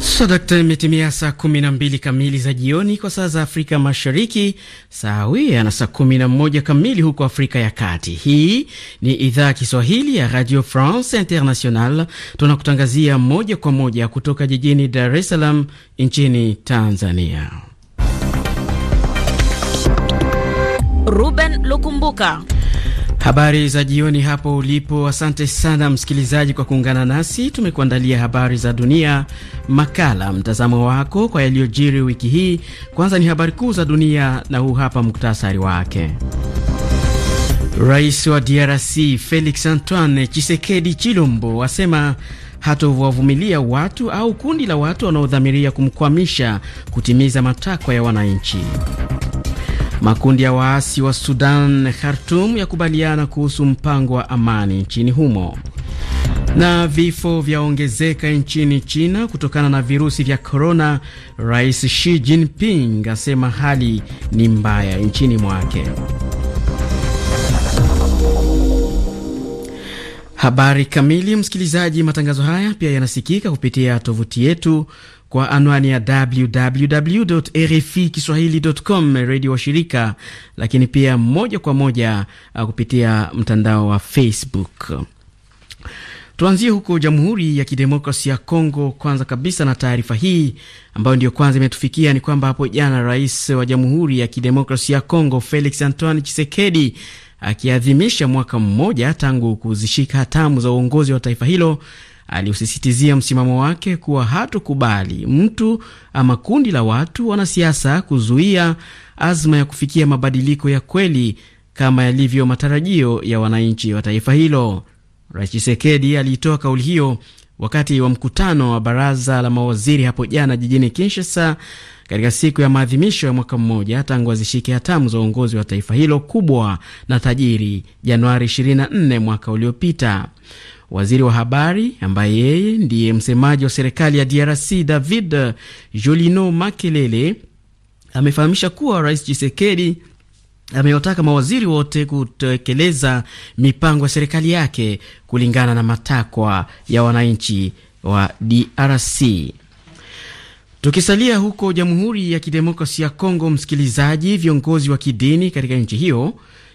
Swadakta, imetimia saa 12 kamili za jioni kwa saa za Afrika Mashariki, sawia na saa moja kamili huko Afrika ya Kati. Hii ni idhaa ya Kiswahili ya Radio France International, tunakutangazia moja kwa moja kutoka jijini Dar es Salaam nchini Tanzania. Ruben Lukumbuka Habari za jioni hapo ulipo. Asante sana msikilizaji kwa kuungana nasi. Tumekuandalia habari za dunia, makala, mtazamo wako kwa yaliyojiri wiki hii. Kwanza ni habari kuu za dunia na huu hapa muktasari wake. Rais wa DRC Felix Antoine chisekedi Chilombo asema hatowavumilia watu au kundi la watu wanaodhamiria kumkwamisha kutimiza matakwa ya wananchi. Makundi ya waasi wa Sudan khartum yakubaliana kuhusu mpango wa amani nchini humo. Na vifo vyaongezeka nchini China kutokana na virusi vya korona. Rais Xi Jinping asema hali ni mbaya nchini mwake. Habari kamili, msikilizaji. Matangazo haya pia yanasikika kupitia tovuti yetu kwa anwani ya www RFI kiswahilicom redio wa shirika, lakini pia moja kwa moja uh, kupitia mtandao wa Facebook. Tuanzie huko Jamhuri ya kidemokrasi ya Kongo kwanza kabisa, na taarifa hii ambayo ndiyo kwanza imetufikia ni kwamba hapo jana rais wa Jamhuri ya Kidemokrasia ya Kongo Felix Antoine chisekedi akiadhimisha mwaka mmoja tangu kuzishika hatamu za uongozi wa taifa hilo aliusisitizia msimamo wake kuwa hatokubali mtu ama kundi la watu wanasiasa kuzuia azma ya kufikia mabadiliko ya kweli kama yalivyo matarajio ya wananchi wa taifa hilo. Rais Chisekedi aliitoa kauli hiyo wakati wa mkutano wa baraza la mawaziri hapo jana jijini Kinshasa, katika siku ya maadhimisho ya mwaka mmoja tangu azishike hatamu za uongozi wa taifa hilo kubwa na tajiri Januari 24 mwaka uliopita. Waziri wa habari ambaye yeye ndiye msemaji wa serikali ya DRC David Jolino Makelele amefahamisha kuwa Rais chisekedi amewataka mawaziri wote kutekeleza mipango ya serikali yake kulingana na matakwa ya wananchi wa DRC. Tukisalia huko Jamhuri ya Kidemokrasia ya Kongo, msikilizaji, viongozi wa kidini katika nchi hiyo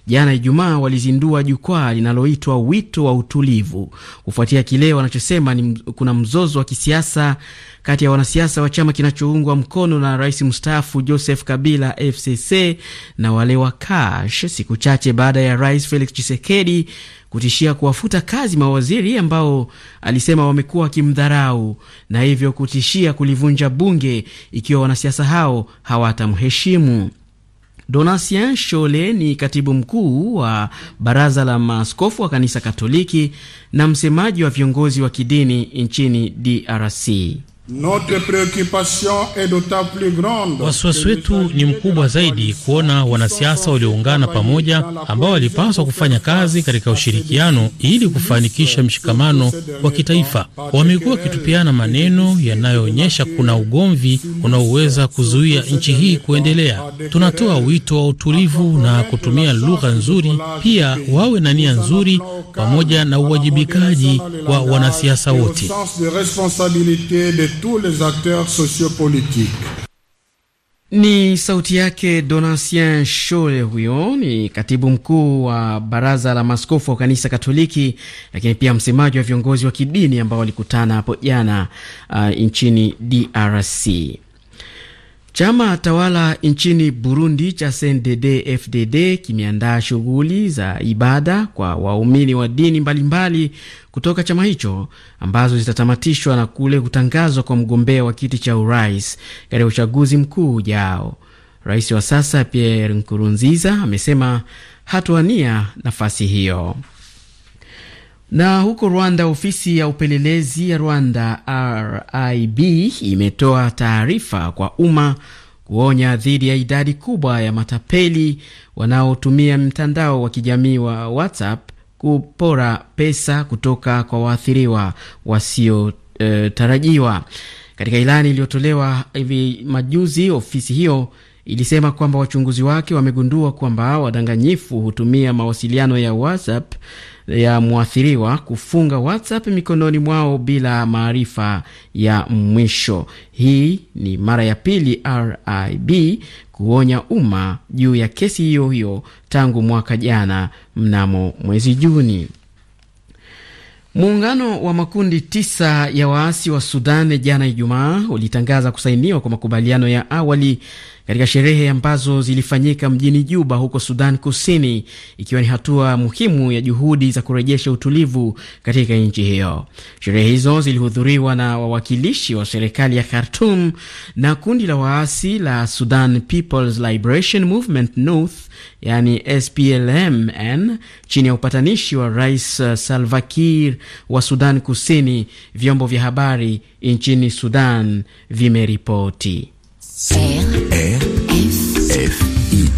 jana Ijumaa walizindua jukwaa linaloitwa Wito wa Utulivu kufuatia kile wanachosema ni kuna mzozo wa kisiasa kati ya wanasiasa wa chama kinachoungwa mkono na rais mstaafu Joseph Kabila FCC na wale wa Kash, siku chache baada ya rais Felix Tshisekedi kutishia kuwafuta kazi mawaziri ambao alisema wamekuwa wakimdharau na hivyo kutishia kulivunja bunge ikiwa wanasiasa hao hawatamheshimu. Donatien Chole ni katibu mkuu wa baraza la maaskofu wa kanisa Katoliki na msemaji wa viongozi wa kidini nchini DRC. Wasiwasi wetu ni mkubwa zaidi kuona wanasiasa walioungana pamoja ambao walipaswa kufanya kazi katika ushirikiano ili kufanikisha mshikamano wa kitaifa wamekuwa wakitupiana maneno yanayoonyesha kuna ugomvi unaoweza kuzuia nchi hii kuendelea. Tunatoa wito wa utulivu na kutumia lugha nzuri, pia wawe na nia nzuri pamoja na uwajibikaji wa wanasiasa wote tous les acteurs sociopolitiques. Ni sauti yake Donatien Shole. Huyo ni katibu mkuu wa baraza la maskofu wa kanisa Katoliki, lakini pia msemaji wa viongozi wa kidini ambao walikutana hapo jana uh, nchini DRC. Chama tawala nchini Burundi cha CNDD FDD kimeandaa shughuli za ibada kwa waumini wa dini mbalimbali mbali kutoka chama hicho ambazo zitatamatishwa na kule kutangazwa kwa mgombea wa kiti cha urais katika uchaguzi mkuu ujao. Rais wa sasa Pierre Nkurunziza amesema hatuania nafasi hiyo. Na huko Rwanda, ofisi ya upelelezi ya Rwanda RIB imetoa taarifa kwa umma kuonya dhidi ya idadi kubwa ya matapeli wanaotumia mtandao wa kijamii wa WhatsApp kupora pesa kutoka kwa waathiriwa wasiotarajiwa. E, katika ilani iliyotolewa hivi majuzi, ofisi hiyo ilisema kwamba wachunguzi wake wamegundua kwamba wadanganyifu hutumia mawasiliano ya WhatsApp ya mwathiriwa kufunga WhatsApp mikononi mwao bila maarifa ya mwisho. Hii ni mara ya pili RIB kuonya umma juu ya kesi hiyo hiyo tangu mwaka jana mnamo mwezi Juni. Muungano wa makundi tisa ya waasi wa Sudan jana Ijumaa ulitangaza kusainiwa kwa makubaliano ya awali katika sherehe ambazo zilifanyika mjini Juba huko Sudan Kusini, ikiwa ni hatua muhimu ya juhudi za kurejesha utulivu katika nchi hiyo. Sherehe hizo zilihudhuriwa na wawakilishi wa serikali ya Khartum na kundi la waasi la Sudan People's Liberation Movement North, yani SPLMN, chini ya upatanishi wa Rais uh, Salva Kiir wa Sudan Kusini, vyombo vya habari nchini Sudan vimeripoti. RFI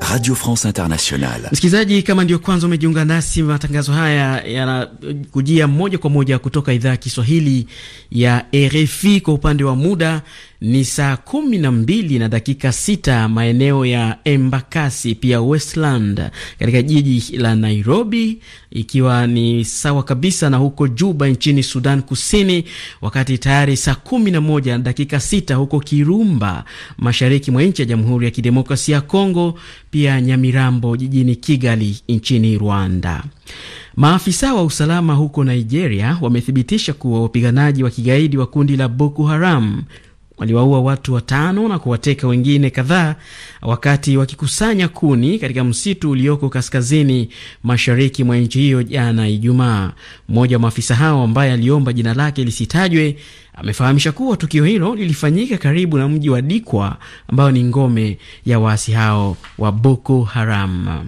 Radio France Internationale. Msikilizaji, kama ndio kwanza umejiunga nasi, matangazo haya yanakujia moja kwa moja kutoka idhaa ya Kiswahili ya RFI. Kwa upande wa muda ni saa kumi na mbili na dakika sita maeneo ya Embakasi pia Westland katika jiji la Nairobi, ikiwa ni sawa kabisa na huko Juba nchini Sudan Kusini, wakati tayari saa kumi na moja na dakika sita huko Kirumba mashariki mwa nchi ya Jamhuri ya Kidemokrasia ya Kongo, pia Nyamirambo jijini Kigali nchini Rwanda. Maafisa wa usalama huko Nigeria wamethibitisha kuwa wapiganaji wa kigaidi wa kundi la Boko Haram Waliwaua watu watano na kuwateka wengine kadhaa wakati wakikusanya kuni katika msitu ulioko kaskazini mashariki mwa nchi hiyo jana Ijumaa. Mmoja wa maafisa hao ambaye aliomba jina lake lisitajwe amefahamisha kuwa tukio hilo lilifanyika karibu na mji wa Dikwa ambayo ni ngome ya waasi hao wa Boko Haram.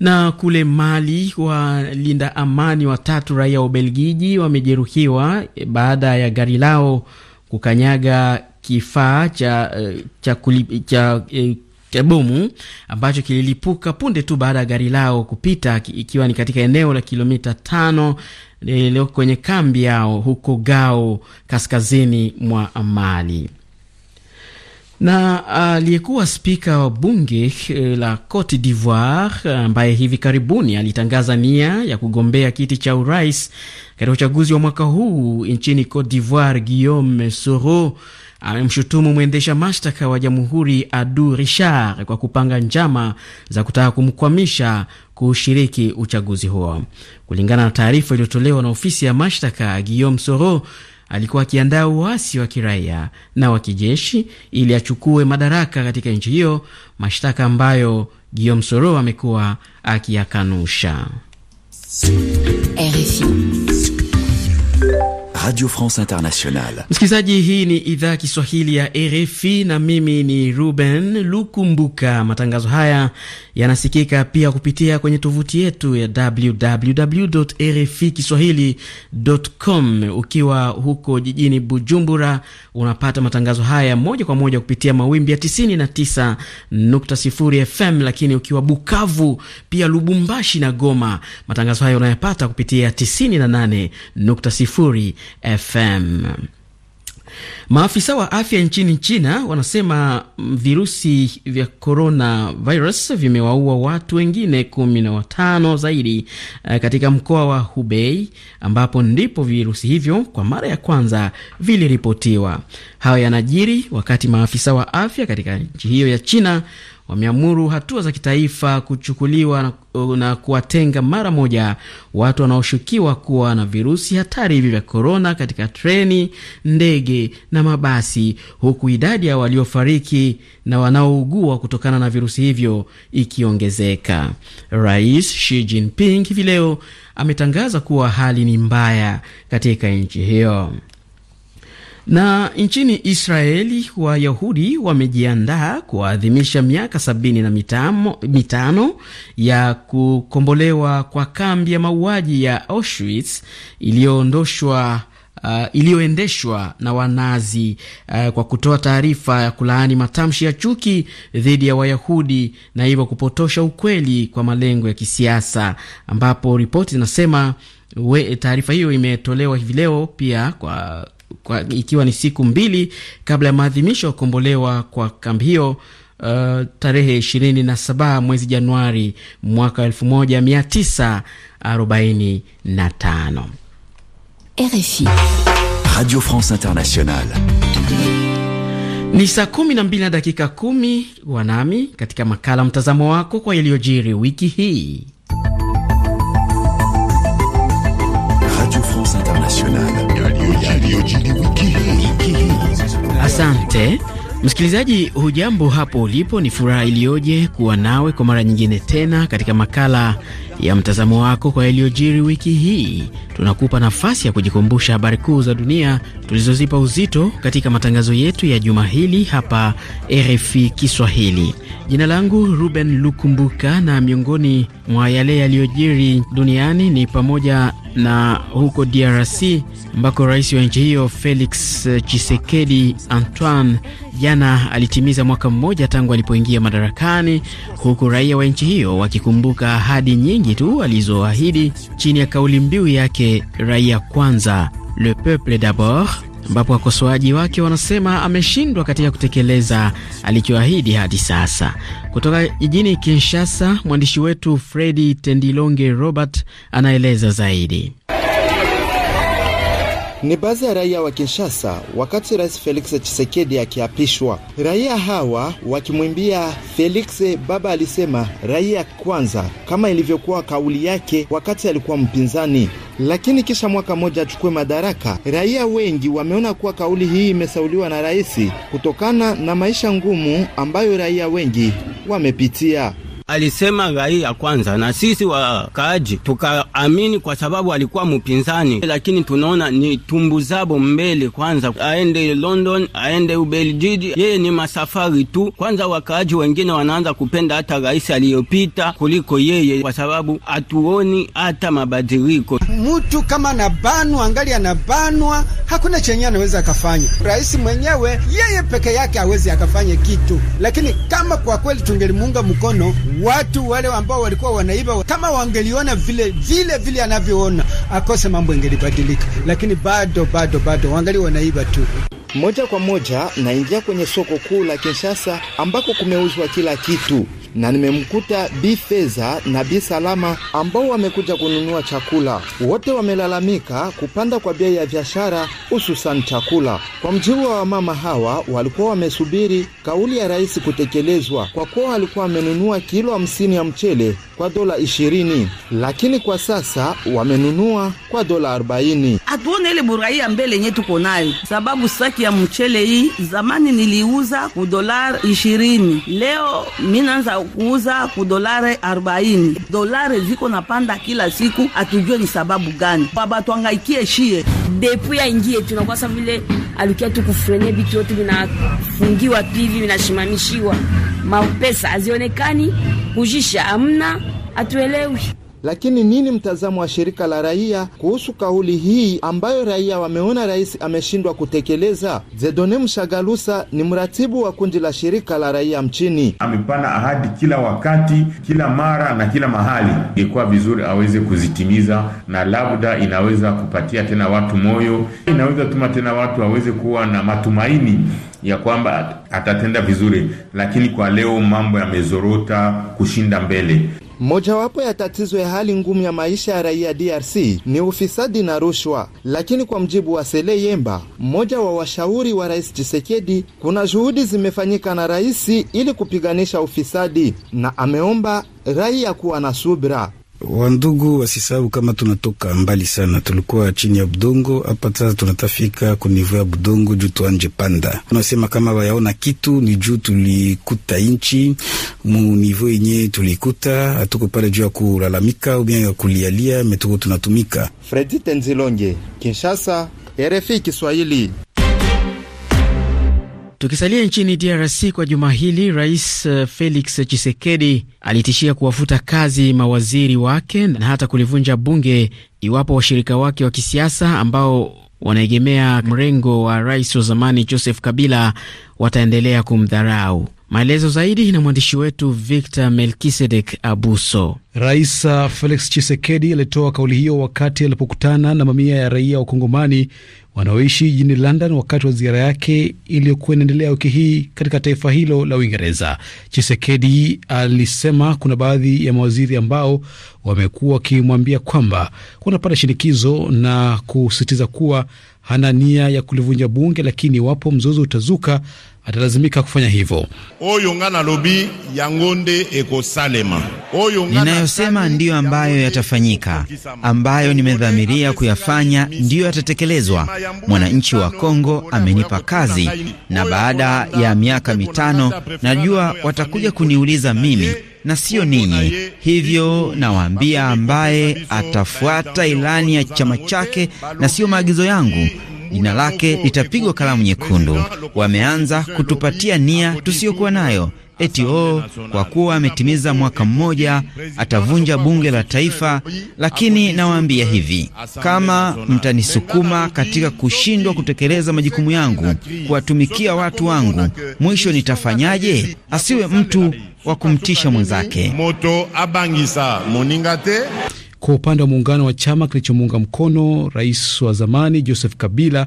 Na kule Mali, walinda amani watatu raia wa Ubelgiji wamejeruhiwa baada ya gari lao kukanyaga kifaa cha, eh, cha, kulip, cha e, bomu ambacho kililipuka punde tu baada ya gari lao kupita ikiwa ni katika eneo la kilomita tano eh, leo kwenye kambi yao huko Gao kaskazini mwa Mali na ah, aliyekuwa spika wa bunge eh, la Cote d'Ivoire ambaye hivi karibuni alitangaza nia ya kugombea kiti cha urais katika uchaguzi wa mwaka huu nchini Cote d'Ivoire, Guillaume Soro amemshutumu mwendesha mashtaka wa jamhuri Adu Richard kwa kupanga njama za kutaka kumkwamisha kushiriki uchaguzi huo. Kulingana na taarifa iliyotolewa na ofisi ya mashtaka, Guillaume Soro alikuwa akiandaa uasi wa kiraia na wa kijeshi ili achukue madaraka katika nchi hiyo, mashtaka ambayo Guillaume Soro amekuwa akiyakanusha. Radio France Internationale. Msikilizaji, hii ni idhaa Kiswahili ya RFI na mimi ni Ruben Lukumbuka. Matangazo haya yanasikika pia kupitia kwenye tovuti yetu ya www.rfikiswahili.com. Ukiwa huko jijini Bujumbura, unapata matangazo haya moja kwa moja kupitia mawimbi ya 99.0 FM, lakini ukiwa Bukavu, pia Lubumbashi na Goma, matangazo haya unayapata kupitia 98.0 FM. Maafisa wa afya nchini China wanasema virusi vya corona virus vimewaua watu wengine kumi na watano zaidi eh, katika mkoa wa Hubei ambapo ndipo virusi hivyo kwa mara ya kwanza viliripotiwa. Hayo yanajiri wakati maafisa wa afya katika nchi hiyo ya China wameamuru hatua za kitaifa kuchukuliwa na, na kuwatenga mara moja watu wanaoshukiwa kuwa na virusi hatari hivi vya korona katika treni, ndege na mabasi, huku idadi ya waliofariki na wanaougua kutokana na virusi hivyo ikiongezeka. Rais Xi Jinping hivi leo ametangaza kuwa hali ni mbaya katika nchi hiyo. Na nchini Israeli Wayahudi wamejiandaa kuadhimisha miaka sabini na mitamo, mitano ya kukombolewa kwa kambi ya mauaji ya Auschwitz iliyoondoshwa Uh, iliyoendeshwa na Wanazi uh, kwa kutoa taarifa ya kulaani matamshi ya chuki dhidi ya Wayahudi na hivyo kupotosha ukweli kwa malengo ya kisiasa, ambapo ripoti zinasema taarifa hiyo imetolewa hivi leo pia kwa kwa, ikiwa ni siku mbili kabla ya maadhimisho ya kukombolewa kwa kambi hiyo uh, tarehe 27 mwezi Januari mwaka 1945. RFI Radio France Internationale. Ni saa kumi na mbili na dakika kumi wanami katika makala mtazamo wako kwa yaliyojiri wiki hii Radio France Internationale yaliyojiri wiki hii. Asante msikilizaji, hujambo hapo ulipo? Ni furaha iliyoje kuwa nawe kwa mara nyingine tena katika makala ya mtazamo wako kwa yaliyojiri wiki hii. Tunakupa nafasi ya kujikumbusha habari kuu za dunia tulizozipa uzito katika matangazo yetu ya juma hili hapa RFI Kiswahili. Jina langu Ruben Lukumbuka, na miongoni mwa yale yaliyojiri duniani ni pamoja na huko DRC ambako rais wa nchi hiyo Felix chisekedi eh, Antoine jana alitimiza mwaka mmoja tangu alipoingia madarakani, huku raia wa nchi hiyo wakikumbuka ahadi nyingi tu alizoahidi chini ya kauli mbiu yake raia kwanza, le peuple d'abord ambapo wakosoaji wake wanasema ameshindwa katika kutekeleza alichoahidi hadi sasa. Kutoka jijini Kinshasa, mwandishi wetu Fredi Tendilonge Robert anaeleza zaidi ni baadhi ya raia wa Kinshasa wakati Rais Felix Tshisekedi akiapishwa. Raia hawa wakimwimbia Felix baba alisema raia kwanza, kama ilivyokuwa kauli yake wakati alikuwa mpinzani lakini kisha mwaka mmoja achukue madaraka, raia wengi wameona kuwa kauli hii imesauliwa na rais kutokana na maisha ngumu ambayo raia wengi wamepitia alisema raia kwanza, na sisi wakaaji tukaamini, kwa sababu alikuwa mpinzani, lakini tunaona ni tumbuzabo mbele kwanza, aende London, aende Ubeljiji, yeye ni masafari tu. Kwanza wakaaji wengine wanaanza kupenda hata rais aliyopita kuliko yeye, kwa sababu hatuoni hata mabadiliko. Mtu kama anabanwa, angali anabanwa, hakuna chenye anaweza akafanya. Rais mwenyewe yeye peke yake hawezi akafanye kitu, lakini kama kwa kweli tungelimuunga mkono watu wale ambao walikuwa wanaiba, kama wangeliona vile vile vile anavyoona akose, mambo ingelibadilika, lakini bado bado bado wangali wanaiba tu. Moja kwa moja naingia kwenye soko kuu la Kinshasa ambako kumeuzwa kila kitu na nimemkuta Bi Fedha na Bi Salama ambao wamekuja kununua chakula. Wote wamelalamika kupanda kwa bei ya biashara, hususan chakula. Kwa mjibu wa wamama hawa, walikuwa wamesubiri kauli ya rais kutekelezwa, kwa kuwa walikuwa wamenunua kilo hamsini ya mchele kwa dola ishirini, lakini kwa sasa wamenunua kwa dola arobaini. Hatuone ile burahi ya mbele yenye tuko nayo, sababu saki ya mchele hii zamani niliuza ku dola ishirini, leo mi naanza kuuza ku dolare 40. Dolare ziko na panda kila siku, atujue ni sababu gani? Baba twangaikie shie depu ya ingie tunakuwa sasa vile alikia tu kufrenye vitu yote vinafungiwa pivi vinashimamishiwa, mapesa azionekani, kujisha amna, atuelewi lakini nini mtazamo wa shirika la raia kuhusu kauli hii ambayo raia wameona rais ameshindwa kutekeleza? Zedone Mshagalusa ni mratibu wa kundi la shirika la raia mchini. Amepana ahadi kila wakati, kila mara na kila mahali, ingekuwa vizuri aweze kuzitimiza, na labda inaweza kupatia tena watu moyo, inaweza tuma tena watu aweze kuwa na matumaini ya kwamba atatenda vizuri, lakini kwa leo mambo yamezorota kushinda mbele. Mojawapo ya tatizo ya hali ngumu ya maisha ya raia DRC ni ufisadi na rushwa, lakini kwa mjibu wa Sele Yemba, mmoja wa washauri wa Rais chisekedi kuna juhudi zimefanyika na rais ili kupiganisha ufisadi, na ameomba raia kuwa na subira. Wandugu, wasisahau kama tunatoka mbali sana, tulikuwa chini ya budongo, hapa sasa tunatafika kunivu ya budongo juu tuanje panda. Unasema kama wayaona kitu ni juu tulikuta inchi munivu yenye tulikuta, hatuko pale juu ya kulalamika ubia ya kulialia, metuko tunatumika. Fredi Tenzilonge, Kinshasa, RFI Kiswahili. Tukisalia nchini DRC kwa juma hili, Rais eh, Felix Tshisekedi alitishia kuwafuta kazi mawaziri wake na hata kulivunja bunge iwapo washirika wake wa kisiasa ambao wanaegemea mrengo wa rais wa zamani Joseph Kabila wataendelea kumdharau. Maelezo zaidi na mwandishi wetu Victor Melkisedek Abuso. Rais Felix Chisekedi alitoa kauli hiyo wakati alipokutana na mamia ya raia wa Kongomani wanaoishi jijini London wakati wa ziara yake iliyokuwa inaendelea wiki hii katika taifa hilo la Uingereza. Chisekedi alisema kuna baadhi ya mawaziri ambao wamekuwa wakimwambia kwamba wanapata shinikizo na kusisitiza kuwa hana nia ya kulivunja bunge, lakini iwapo mzozo utazuka atalazimika kufanya hivyo. Ninayosema ndiyo ambayo yatafanyika, ambayo nimedhamiria kuyafanya ndiyo yatatekelezwa. Mwananchi wa Kongo amenipa kazi, na baada ya miaka mitano najua watakuja kuniuliza mimi na sio ninyi. Hivyo nawaambia, ambaye atafuata ilani ya chama chake na sio maagizo yangu jina lake litapigwa kalamu nyekundu. Wameanza kutupatia nia tusiyokuwa nayo eti o, oh, kwa kuwa ametimiza mwaka mmoja atavunja bunge la taifa. Lakini nawaambia hivi, kama mtanisukuma katika kushindwa kutekeleza majukumu yangu, kuwatumikia watu wangu, mwisho nitafanyaje? Asiwe mtu wa kumtisha mwenzake. Kwa upande wa muungano wa chama kilichomuunga mkono rais wa zamani Joseph Kabila,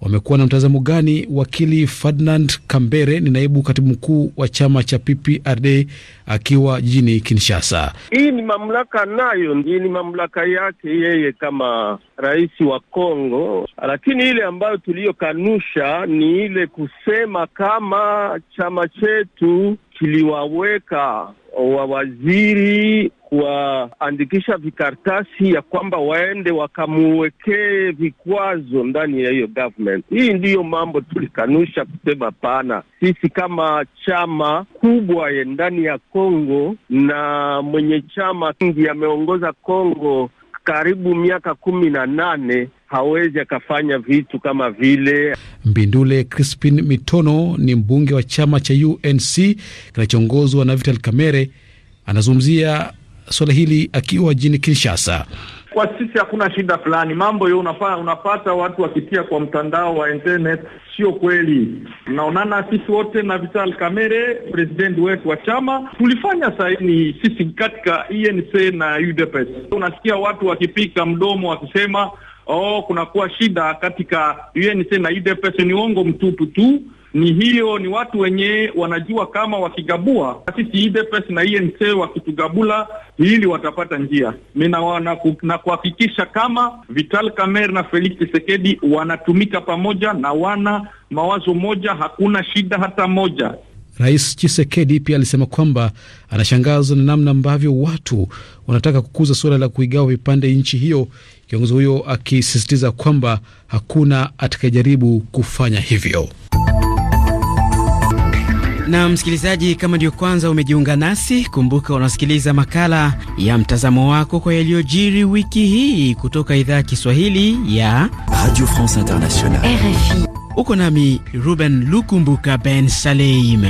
wamekuwa na mtazamo gani? Wakili Ferdinand Kambere ni naibu katibu mkuu wa chama cha PPRD akiwa jijini Kinshasa. Hii ni mamlaka nayo, ndiyo ni mamlaka yake yeye kama rais wa Kongo, lakini ile ambayo tuliyokanusha ni ile kusema kama chama chetu kiliwaweka wawaziri kuwaandikisha vikartasi ya kwamba waende wakamuwekee vikwazo ndani ya hiyo government. Hii ndiyo mambo tulikanusha kusema pana sisi kama chama kubwa ndani ya Kongo, na mwenye chama kingi ameongoza Kongo karibu miaka kumi na nane hawezi akafanya vitu kama vile. Mbindule Crispin Mitono ni mbunge wa chama cha UNC kinachoongozwa na Vital Kamere, anazungumzia suala hili akiwa jini Kinshasa. Kwa sisi hakuna shida fulani, mambo hiyo unapata, unapata watu wakitia kwa mtandao wa internet, sio kweli. Naonana sisi wote na Vital Kamere, president wetu wa chama, tulifanya saini sisi katika ENC na UDPS. Unasikia watu wakipika mdomo wakisema oh, kunakuwa shida katika UNC na UDPS, ni uongo mtupu tu ni hiyo, ni watu wenye wanajua kama wakigabua sisi UDPS na INC wakitugabula hili watapata njia. Mimi na kuhakikisha kama Vital Kamer na Felix Tshisekedi wanatumika pamoja na wana mawazo moja, hakuna shida hata moja. Rais Chisekedi pia alisema kwamba anashangazwa na namna ambavyo watu wanataka kukuza suala la kuigawa vipande nchi hiyo, kiongozi huyo akisisitiza kwamba hakuna atakayejaribu kufanya hivyo. Na msikilizaji, kama ndio kwanza umejiunga nasi, kumbuka unasikiliza makala ya mtazamo wako kwa yaliyojiri wiki hii kutoka idhaa ya Kiswahili ya Radio France Internationale, RFI. Uko nami Ruben Lukumbuka Ben Saleim.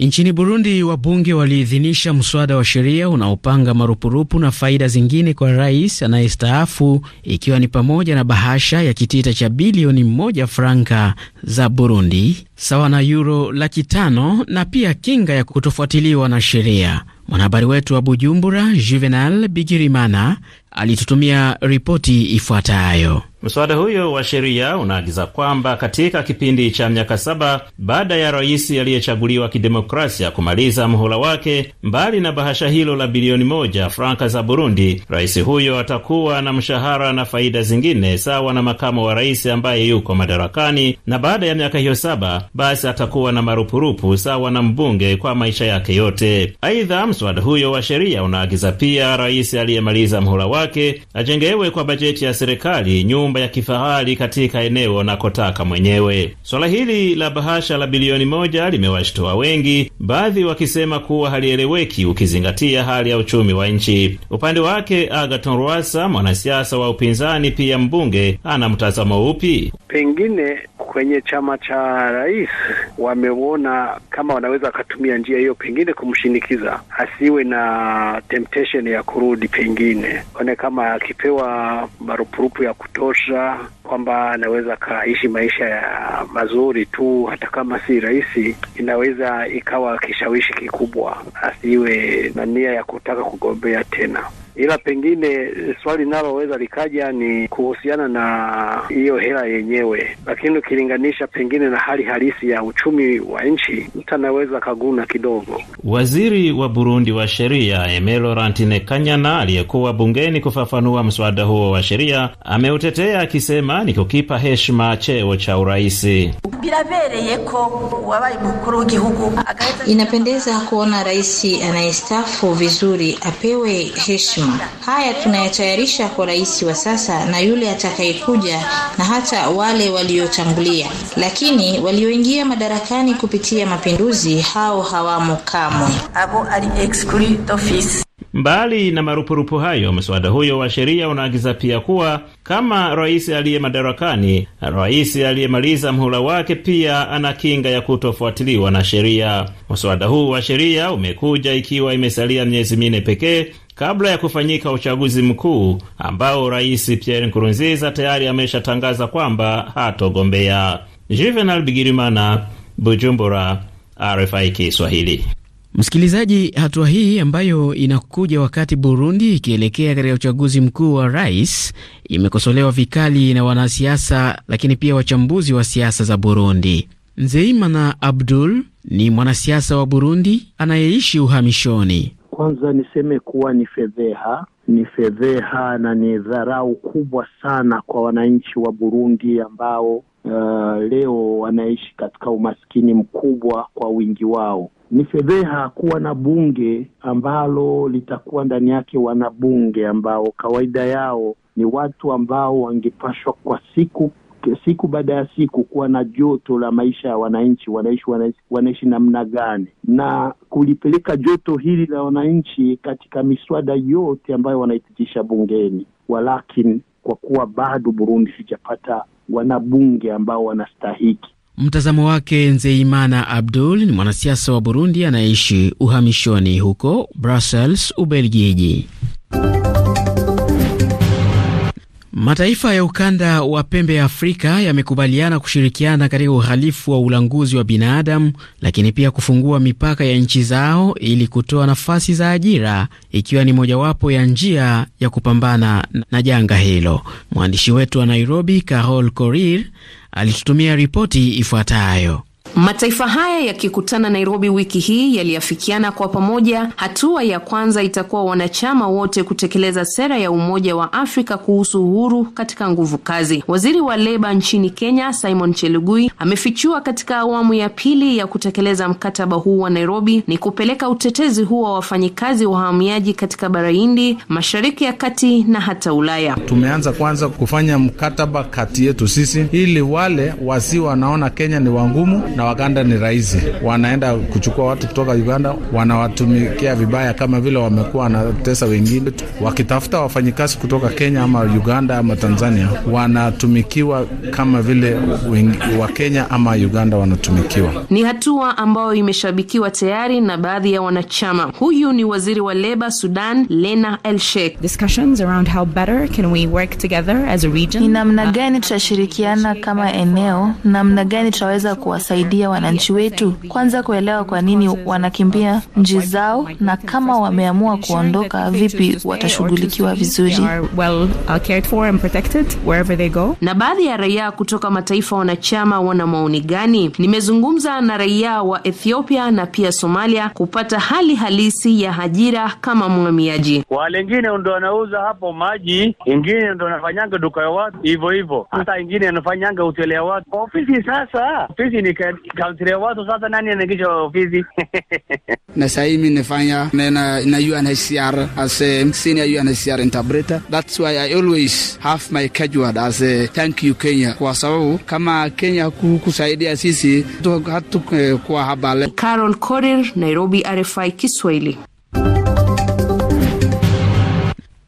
Nchini Burundi, wabunge waliidhinisha mswada wa sheria unaopanga marupurupu na faida zingine kwa rais anayestaafu ikiwa ni pamoja na bahasha ya kitita cha bilioni moja franka za Burundi sawa na yuro laki tano na pia kinga ya kutofuatiliwa na sheria. Mwanahabari wetu wa Bujumbura, Juvenal Bigirimana, alitutumia ripoti ifuatayo. Mswada huyo wa sheria unaagiza kwamba katika kipindi cha miaka saba baada ya rais aliyechaguliwa kidemokrasia kumaliza mhula wake, mbali na bahasha hilo la bilioni moja franka za Burundi, rais huyo atakuwa na mshahara na faida zingine sawa na makamo wa rais ambaye yuko madarakani, na baada ya miaka hiyo saba basi atakuwa na marupurupu sawa na mbunge kwa maisha yake yote. Aidha, mswada huyo wa sheria unaagiza pia rais aliyemaliza mhula wake wake ajengewe kwa bajeti ya serikali nyumba ya kifahari katika eneo anakotaka mwenyewe. Swala hili la bahasha la bilioni moja limewashtoa wengi, baadhi wakisema kuwa halieleweki ukizingatia hali ya uchumi wa nchi. Upande wake, Agaton Rwasa, mwanasiasa wa upinzani pia mbunge, ana mtazamo upi? Pengine kwenye chama cha rais wamewona kama wanaweza wakatumia njia hiyo, pengine kumshinikiza asiwe na temptation ya kurudi, pengine aone kama akipewa marupurupu ya kutosha kwamba anaweza akaishi maisha ya mazuri tu, hata kama si rahisi, inaweza ikawa kishawishi kikubwa asiwe na nia ya kutaka kugombea tena ila pengine eh, swali linaloweza likaja ni kuhusiana na hiyo hela yenyewe, lakini ukilinganisha pengine na hali halisi ya uchumi wa nchi, mtu anaweza kaguna kidogo. Waziri wa Burundi wa sheria Emelo Rantine Kanyana aliyekuwa bungeni kufafanua mswada huo wa sheria ameutetea akisema ni kukipa heshima cheo cha uraisi. Inapendeza kuona rais anayestafu vizuri apewe heshima usalama. Haya tunayatayarisha kwa rais wa sasa na yule atakayekuja na hata wale waliotangulia, lakini walioingia madarakani kupitia mapinduzi, hao hawamo kamwe. Mbali na marupurupu hayo, mswada huyo wa sheria unaagiza pia kuwa kama rais aliye madarakani, rais aliyemaliza mhula wake pia ana kinga ya kutofuatiliwa na sheria. Mswada huu wa sheria umekuja ikiwa imesalia miezi minne pekee kabla ya kufanyika uchaguzi mkuu ambao Rais Pierre Nkurunziza tayari ameshatangaza kwamba hatogombea. Juvenal Bigirimana, Bujumbura, RFI Kiswahili. Msikilizaji, hatua hii ambayo inakuja wakati Burundi ikielekea katika uchaguzi mkuu wa rais imekosolewa vikali na wanasiasa, lakini pia wachambuzi wa siasa za Burundi. Nzeimana Abdul ni mwanasiasa wa Burundi anayeishi uhamishoni. Kwanza niseme kuwa ni fedheha, ni fedheha na ni dharau kubwa sana kwa wananchi wa Burundi ambao Uh, leo wanaishi katika umaskini mkubwa kwa wingi wao. Ni fedheha kuwa na bunge ambalo litakuwa ndani yake wanabunge ambao kawaida yao ni watu ambao wangepashwa kwa siku siku baada ya siku kuwa na joto la maisha ya wananchi, wanaishi wanaishi namna gani, na kulipeleka joto hili la wananchi katika miswada yote ambayo wanaipitisha bungeni. Walakini, kwa kuwa bado Burundi sijapata wanabunge ambao wanastahiki Mtazamo wake Nzeimana Abdul ni mwanasiasa wa Burundi anayeishi uhamishoni huko Brussels, Ubelgiji. Mataifa ya ukanda wa pembe ya Afrika yamekubaliana kushirikiana katika uhalifu wa ulanguzi wa binadamu, lakini pia kufungua mipaka ya nchi zao ili kutoa nafasi za ajira, ikiwa ni mojawapo ya njia ya kupambana na janga hilo. Mwandishi wetu wa Nairobi, Carol Korir, alitutumia ripoti ifuatayo. Mataifa haya yakikutana Nairobi wiki hii yaliafikiana kwa pamoja, hatua ya kwanza itakuwa wanachama wote kutekeleza sera ya Umoja wa Afrika kuhusu uhuru katika nguvu kazi. Waziri wa leba nchini Kenya Simon Chelugui amefichua katika awamu ya pili ya kutekeleza mkataba huu wa Nairobi ni kupeleka utetezi huo wa wafanyikazi wahamiaji katika bara Hindi, Mashariki ya Kati na hata Ulaya. Tumeanza kwanza kufanya mkataba kati yetu sisi, ili wale wasi wanaona Kenya ni wangumu na Waganda ni rahisi, wanaenda kuchukua watu kutoka Uganda, wanawatumikia vibaya, kama vile wamekuwa wanatesa wengine. Wakitafuta wafanyikazi kutoka Kenya ama Uganda ama Tanzania, wanatumikiwa kama vile wa Kenya ama Uganda wanatumikiwa. Ni hatua ambayo imeshabikiwa tayari na baadhi ya wanachama. Huyu ni waziri wa leba Sudan, Lena El Sheikh. Discussions around how better can we work together as a region. Ni namna gani tutashirikiana kama eneo, namna gani tutaweza kuwasaidia kusaidia wananchi wetu, kwanza kuelewa kwa nini wanakimbia nchi zao, na kama wameamua kuondoka, vipi watashughulikiwa vizuri. Na baadhi ya raia kutoka mataifa wanachama wana maoni gani? Nimezungumza na raia wa Ethiopia na pia Somalia kupata hali halisi ya ajira kama mwamiaji. Walengine ndo wanauza hapo maji, ingine ndo anafanyanga duka ya watu hivo hivo, hata ingine anafanyanga hoteli ya watu ofisi. Sasa ofisi ni kaunti watu sasa, nani anaingisha ofisi? na sasa hivi nifanya na na UNHCR as a senior UNHCR interpreter, that's why I always have my keyword as a thank you Kenya, kwa sababu kama Kenya kukusaidia sisi hatukuwa eh, habari. Carol Korir, Nairobi, RFI Kiswahili.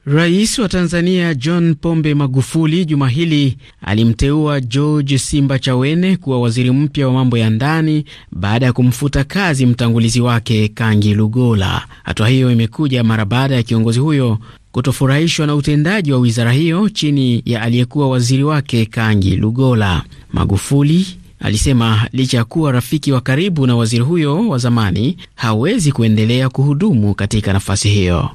Rais wa Tanzania John Pombe Magufuli juma hili alimteua George Simba Chawene kuwa waziri mpya wa mambo ya ndani baada ya kumfuta kazi mtangulizi wake Kangi Lugola. Hatua hiyo imekuja mara baada ya kiongozi huyo kutofurahishwa na utendaji wa wizara hiyo chini ya aliyekuwa waziri wake Kangi Lugola. Magufuli alisema licha ya kuwa rafiki wa karibu na waziri huyo wa zamani, hawezi kuendelea kuhudumu katika nafasi hiyo.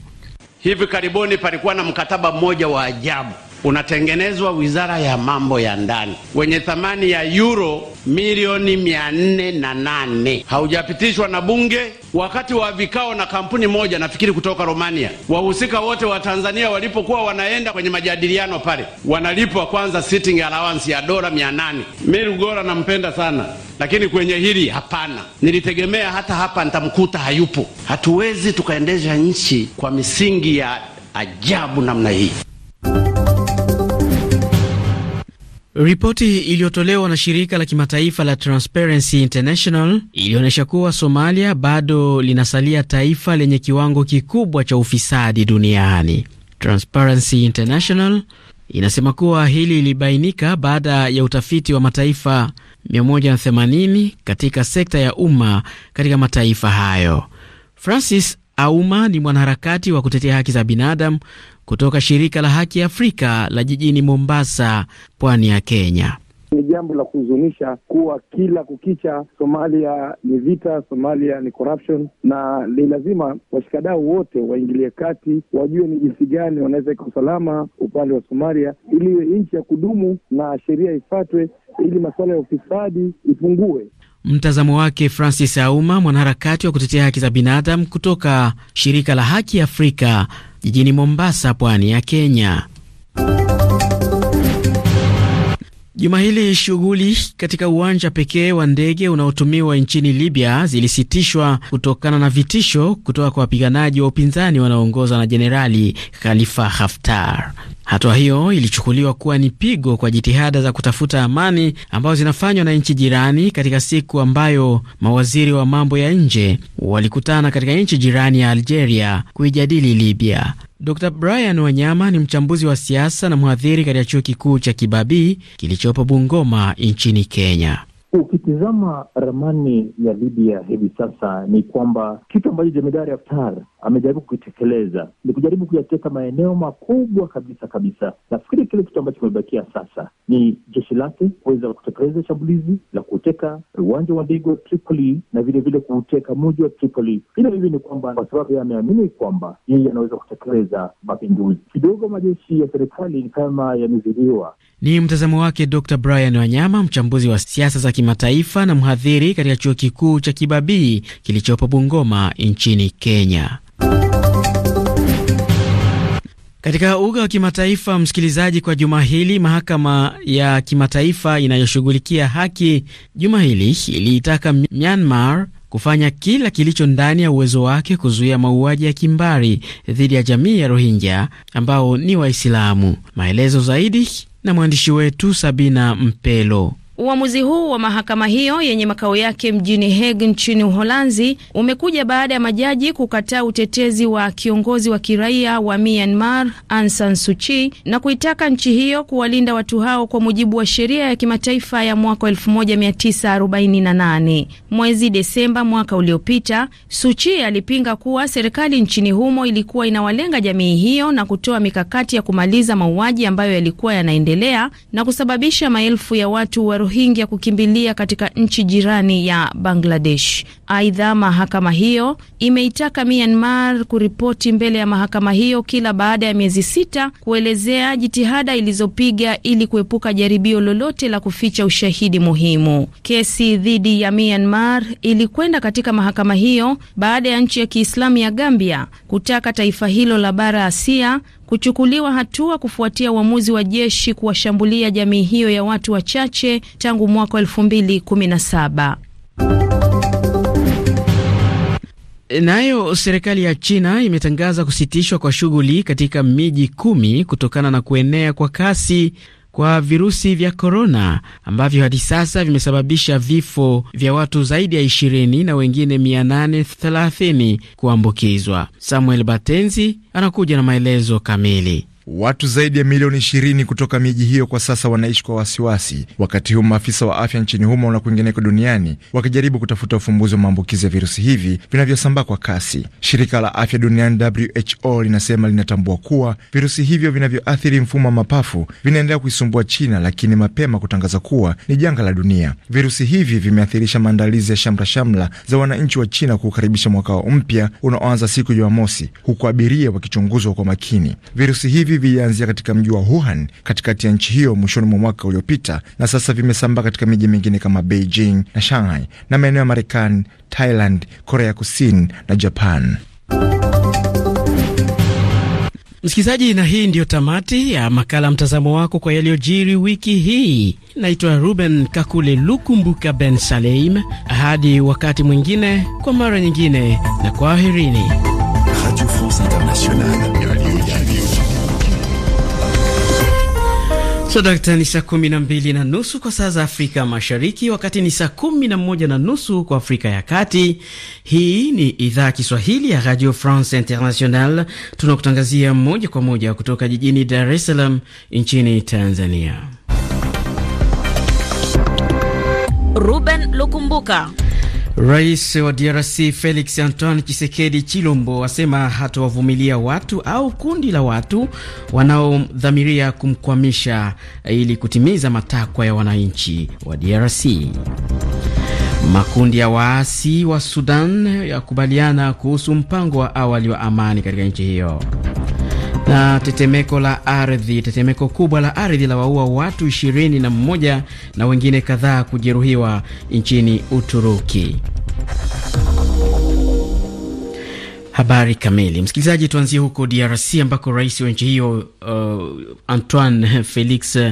Hivi karibuni palikuwa na mkataba mmoja wa ajabu unatengenezwa wizara ya mambo ya ndani wenye thamani ya euro milioni mia nne na nane haujapitishwa na bunge wakati wa vikao na kampuni moja nafikiri kutoka Romania. Wahusika wote wa Tanzania walipokuwa wanaenda kwenye majadiliano pale, wanalipwa kwanza sitting allowance ya dola mia nane. Mi Lugora nampenda sana, lakini kwenye hili hapana. Nilitegemea hata hapa nitamkuta, hayupo. Hatuwezi tukaendesha nchi kwa misingi ya ajabu namna hii. Ripoti iliyotolewa na shirika la kimataifa la Transparency International ilionyesha kuwa Somalia bado linasalia taifa lenye kiwango kikubwa cha ufisadi duniani. Transparency International inasema kuwa hili ilibainika baada ya utafiti wa mataifa 180 katika sekta ya umma katika mataifa hayo. Francis Auma ni mwanaharakati wa kutetea haki za binadamu kutoka shirika la Haki Afrika la jijini Mombasa, pwani ya Kenya. Ni jambo la kuhuzunisha kuwa kila kukicha Somalia ni vita, Somalia ni corruption, na ni lazima washikadau wote waingilie kati, wajue ni jinsi gani wanaweza ika usalama upande wa Somalia ili iwe nchi ya kudumu na sheria ifatwe ili masuala ya ufisadi ipungue. Mtazamo wake Francis Auma, mwanaharakati wa kutetea haki za binadamu kutoka shirika la Haki Afrika jijini Mombasa, pwani ya Kenya. Juma hili shughuli katika uwanja pekee wa ndege unaotumiwa nchini Libya zilisitishwa kutokana na vitisho kutoka kwa wapiganaji wa upinzani wanaoongozwa na Jenerali Khalifa Haftar. Hatua hiyo ilichukuliwa kuwa ni pigo kwa jitihada za kutafuta amani ambazo zinafanywa na nchi jirani katika siku ambayo mawaziri wa mambo ya nje walikutana katika nchi jirani ya Algeria kuijadili Libya. Dr Brian Wanyama ni mchambuzi wa siasa na mhadhiri katika chuo kikuu cha Kibabii kilichopo Bungoma nchini Kenya. Ukitizama ramani ya Libya hivi sasa ni kwamba kitu ambacho Jemedari Haftar amejaribu kukitekeleza ni kujaribu kuyateka maeneo makubwa kabisa kabisa. Nafikiri kile kitu ambacho kimebakia sasa ni jeshi lake kuweza kutekeleza shambulizi la kuteka uwanja wa ndege wa Tripoli na vilevile kuuteka muji wa Tripoli. Ila hivi ni kwamba kwa sababu ameamini kwamba yeye anaweza kutekeleza mapinduzi, kidogo majeshi ya serikali ni kama yamezidiwa. Ni mtazamo wake Dr Brian Wanyama, mchambuzi wa siasa za kimataifa na mhadhiri katika chuo kikuu cha Kibabii kilichopo Bungoma nchini Kenya. Katika uga wa kimataifa, msikilizaji, kwa juma hili, mahakama ya kimataifa inayoshughulikia haki juma hili iliitaka Myanmar kufanya kila kilicho ndani ya uwezo wake kuzuia mauaji ya kimbari dhidi ya jamii ya Rohingya ambao ni Waislamu. Maelezo zaidi na mwandishi wetu Sabina Mpelo. Uamuzi huu wa mahakama hiyo yenye makao yake mjini Hague nchini Uholanzi umekuja baada ya majaji kukataa utetezi wa kiongozi wa kiraia wa Myanmar Aung San Suu Kyi na kuitaka nchi hiyo kuwalinda watu hao kwa mujibu wa sheria ya kimataifa ya mwaka 1948. Mwezi Desemba mwaka uliopita, Suu Kyi alipinga kuwa serikali nchini humo ilikuwa inawalenga jamii hiyo na kutoa mikakati ya kumaliza mauaji ambayo yalikuwa yanaendelea na kusababisha maelfu ya watu Rohingya kukimbilia katika nchi jirani ya Bangladesh. Aidha, mahakama hiyo imeitaka Myanmar kuripoti mbele ya mahakama hiyo kila baada ya miezi sita kuelezea jitihada ilizopiga ili kuepuka jaribio lolote la kuficha ushahidi muhimu. Kesi dhidi ya Myanmar ilikwenda katika mahakama hiyo baada ya nchi ya Kiislamu ya Gambia kutaka taifa hilo la bara Asia kuchukuliwa hatua kufuatia uamuzi wa jeshi kuwashambulia jamii hiyo ya watu wachache tangu mwaka saba. Nayo serikali ya China imetangaza kusitishwa kwa shughuli katika miji kumi kutokana na kuenea kwa kasi kwa virusi vya korona ambavyo hadi sasa vimesababisha vifo vya watu zaidi ya 20 na wengine 830 kuambukizwa. Samuel Batenzi anakuja na maelezo kamili. Watu zaidi ya milioni ishirini kutoka miji hiyo kwa sasa wanaishi kwa wasiwasi, wakati huu maafisa wa afya nchini humo na kwingineko duniani wakijaribu kutafuta ufumbuzi wa maambukizi ya virusi hivi vinavyosambaa kwa kasi. Shirika la afya duniani WHO linasema linatambua kuwa virusi hivyo vinavyoathiri mfumo wa mapafu vinaendelea kuisumbua China, lakini mapema kutangaza kuwa ni janga la dunia. Virusi hivi vimeathirisha maandalizi ya shamrashamra za wananchi wa China kuukaribisha mwaka mpya unaoanza siku ya Jumamosi, huku abiria wakichunguzwa kwa makini. Virusi hivi hivi vilianzia katika mji wa Wuhan katikati ya nchi hiyo mwishoni mwa mwaka uliopita na sasa vimesambaa katika miji mingine kama Beijing na Shanghai na maeneo ya Marekani, Thailand, Korea Kusini na Japan. Msikilizaji, na hii ndiyo tamati ya makala mtazamo wako kwa yaliyojiri wiki hii. Naitwa Ruben Kakule Lukumbuka Ben Saleim. Hadi wakati mwingine, kwa mara nyingine, na kwaherini. Radio France Internationale. Dakta, ni saa kumi na mbili na nusu kwa saa za Afrika Mashariki, wakati ni saa kumi na moja na nusu kwa Afrika ya Kati. Hii ni idhaa ya Kiswahili ya Radio France International, tunakutangazia moja kwa moja kutoka jijini Dar es Salaam nchini Tanzania. Ruben Lukumbuka Rais wa DRC Felix Antoine Chisekedi Chilombo asema hatawavumilia watu au kundi la watu wanaodhamiria kumkwamisha ili kutimiza matakwa ya wananchi wa DRC. Makundi ya waasi wa Sudan yakubaliana kuhusu mpango wa awali wa amani katika nchi hiyo. Na tetemeko la ardhi, tetemeko kubwa la ardhi la waua watu ishirini na mmoja na wengine kadhaa kujeruhiwa nchini Uturuki. Habari kamili, msikilizaji, tuanzie huko DRC ambako rais wa nchi hiyo uh, Antoine Felix uh,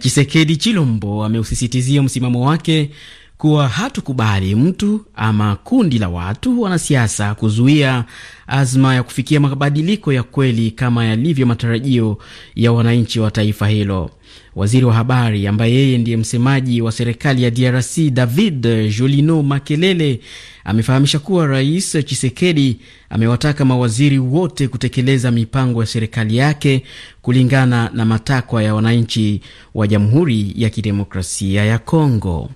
Chisekedi Chilombo ameusisitizia msimamo wake kuwa hatukubali mtu ama kundi la watu wanasiasa kuzuia azma ya kufikia mabadiliko ya kweli kama yalivyo matarajio ya wananchi wa taifa hilo. Waziri wa habari ambaye yeye ndiye msemaji wa serikali ya DRC David Julino Makelele amefahamisha kuwa Rais Chisekedi amewataka mawaziri wote kutekeleza mipango ya serikali yake kulingana na matakwa ya wananchi wa Jamhuri ya Kidemokrasia ya Kongo.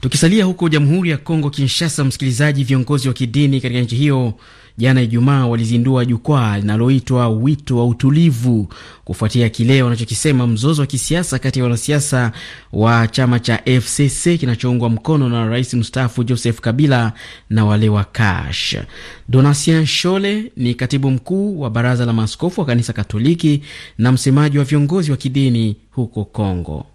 Tukisalia huko Jamhuri ya Kongo Kinshasa, msikilizaji, viongozi wa kidini katika nchi hiyo jana Ijumaa walizindua jukwaa linaloitwa wito wa utulivu kufuatia kile wanachokisema mzozo wa kisiasa kati ya wanasiasa wa chama cha FCC kinachoungwa mkono na rais mstaafu Joseph Kabila na wale wa Kash. Donatien Shole ni katibu mkuu wa baraza la maaskofu wa kanisa Katoliki na msemaji wa viongozi wa kidini huko Kongo.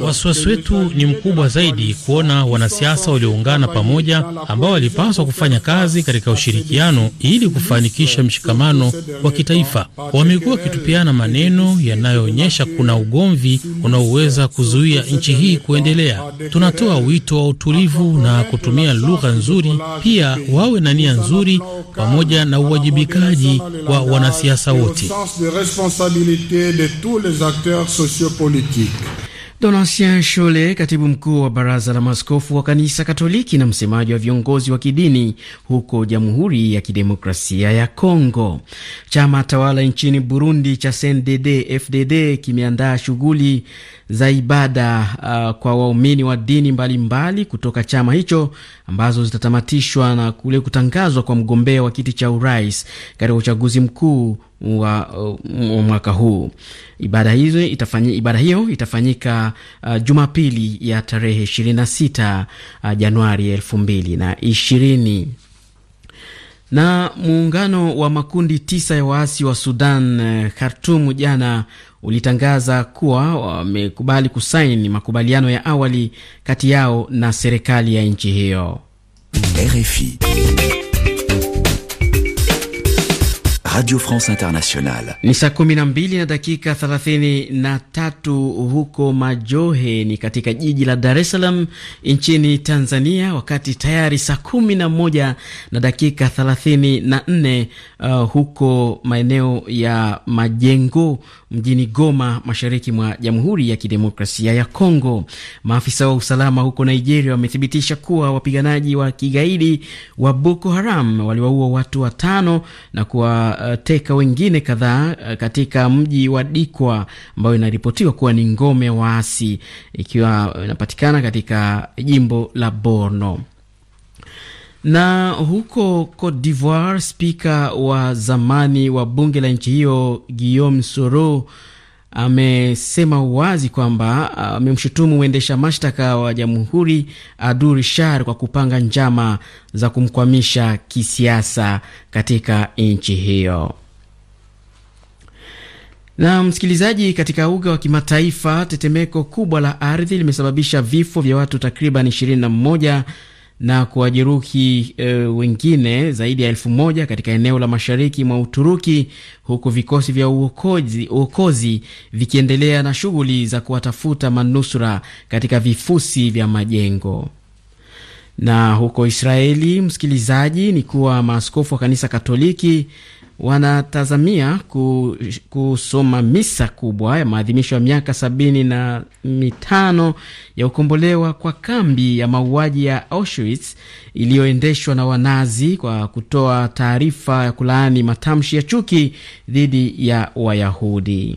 Wasiwasi wetu ni mkubwa zaidi kuona wanasiasa walioungana pamoja ambao walipaswa kufanya kazi katika ushirikiano ili kufanikisha mshikamano wa kitaifa wamekuwa wakitupiana maneno yanayoonyesha kuna ugomvi unaoweza kuzuia nchi hii kuendelea. Tunatoa wito wa utulivu na kutumia lugha nzuri, pia wawe na nia nzuri pamoja na uwajibikaji wa wanasiasa wote tous les acteurs sociopolitiques. Donatien Chole, katibu mkuu wa baraza la maskofu wa kanisa Katoliki na msemaji wa viongozi wa kidini huko Jamhuri ya Kidemokrasia ya Kongo. Chama tawala nchini Burundi cha CNDD FDD kimeandaa shughuli za ibada uh, kwa waumini wa dini mbalimbali mbali kutoka chama hicho ambazo zitatamatishwa na kule kutangazwa kwa mgombea wa kiti cha urais katika uchaguzi mkuu wa uh, mwaka huu. Ibada hiyo itafanyika, ibada hiyo itafanyika uh, Jumapili ya tarehe 26 uh, Januari 2020 na muungano wa makundi tisa ya waasi wa Sudan uh, khartum jana ulitangaza kuwa wamekubali kusaini makubaliano ya awali kati yao na serikali ya nchi hiyo. RFI Radio France Internationale. Ni saa 12 na dakika 33 huko Majohe ni katika jiji la Dar es Salaam nchini Tanzania, wakati tayari saa 11 na dakika 34 uh, huko maeneo ya Majengo mjini Goma, mashariki mwa Jamhuri ya Kidemokrasia ya Kongo. Maafisa wa usalama huko Nigeria wamethibitisha kuwa wapiganaji wa kigaidi wa Boko Haram waliwaua watu watano na kuwateka wengine kadhaa eh, katika mji wa Dikwa ambayo inaripotiwa kuwa ni ngome ya waasi, ikiwa inapatikana katika jimbo la Borno. Na huko Cote d'Ivoire, spika wa zamani wa bunge la nchi hiyo Guillaume Soro amesema wazi kwamba amemshutumu mwendesha mashtaka wa jamhuri Adu Rishar kwa kupanga njama za kumkwamisha kisiasa katika nchi hiyo. Na msikilizaji, katika uga wa kimataifa, tetemeko kubwa la ardhi limesababisha vifo vya watu takriban 21 na kuwajeruhi e, wengine zaidi ya elfu moja katika eneo la mashariki mwa Uturuki, huku vikosi vya uokozi, uokozi vikiendelea na shughuli za kuwatafuta manusura katika vifusi vya majengo. Na huko Israeli, msikilizaji, ni kuwa maaskofu wa kanisa Katoliki wanatazamia kusoma misa kubwa ya maadhimisho ya miaka sabini na mitano ya kukombolewa kwa kambi ya mauaji ya Auschwitz iliyoendeshwa na Wanazi kwa kutoa taarifa ya kulaani matamshi ya chuki dhidi ya Wayahudi.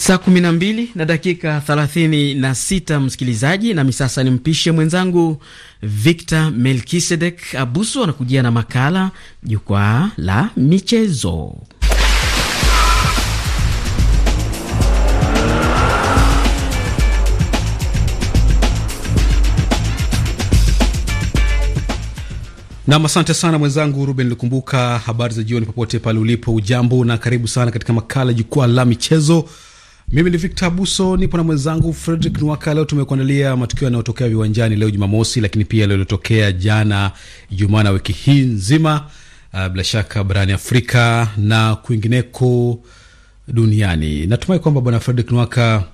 Saa kumi na mbili na dakika thelathini na sita msikilizaji, nami sasa nimpishe mwenzangu Victor Melkisedek Abuso anakujia na makala jukwaa la michezo. Nam, asante sana mwenzangu Ruben Likumbuka. Habari za jioni popote pale ulipo, ujambo na karibu sana katika makala jukwaa la michezo. Mimi ni Victor abuso nipo na mwenzangu Fredrick Nwaka. Leo tumekuandalia matukio yanayotokea viwanjani leo Jumamosi, lakini pia yaliyotokea jana Ijumaa na wiki hii nzima, uh, bila shaka barani Afrika na kwingineko duniani. Natumai kwamba bwana Fredrick Nwaka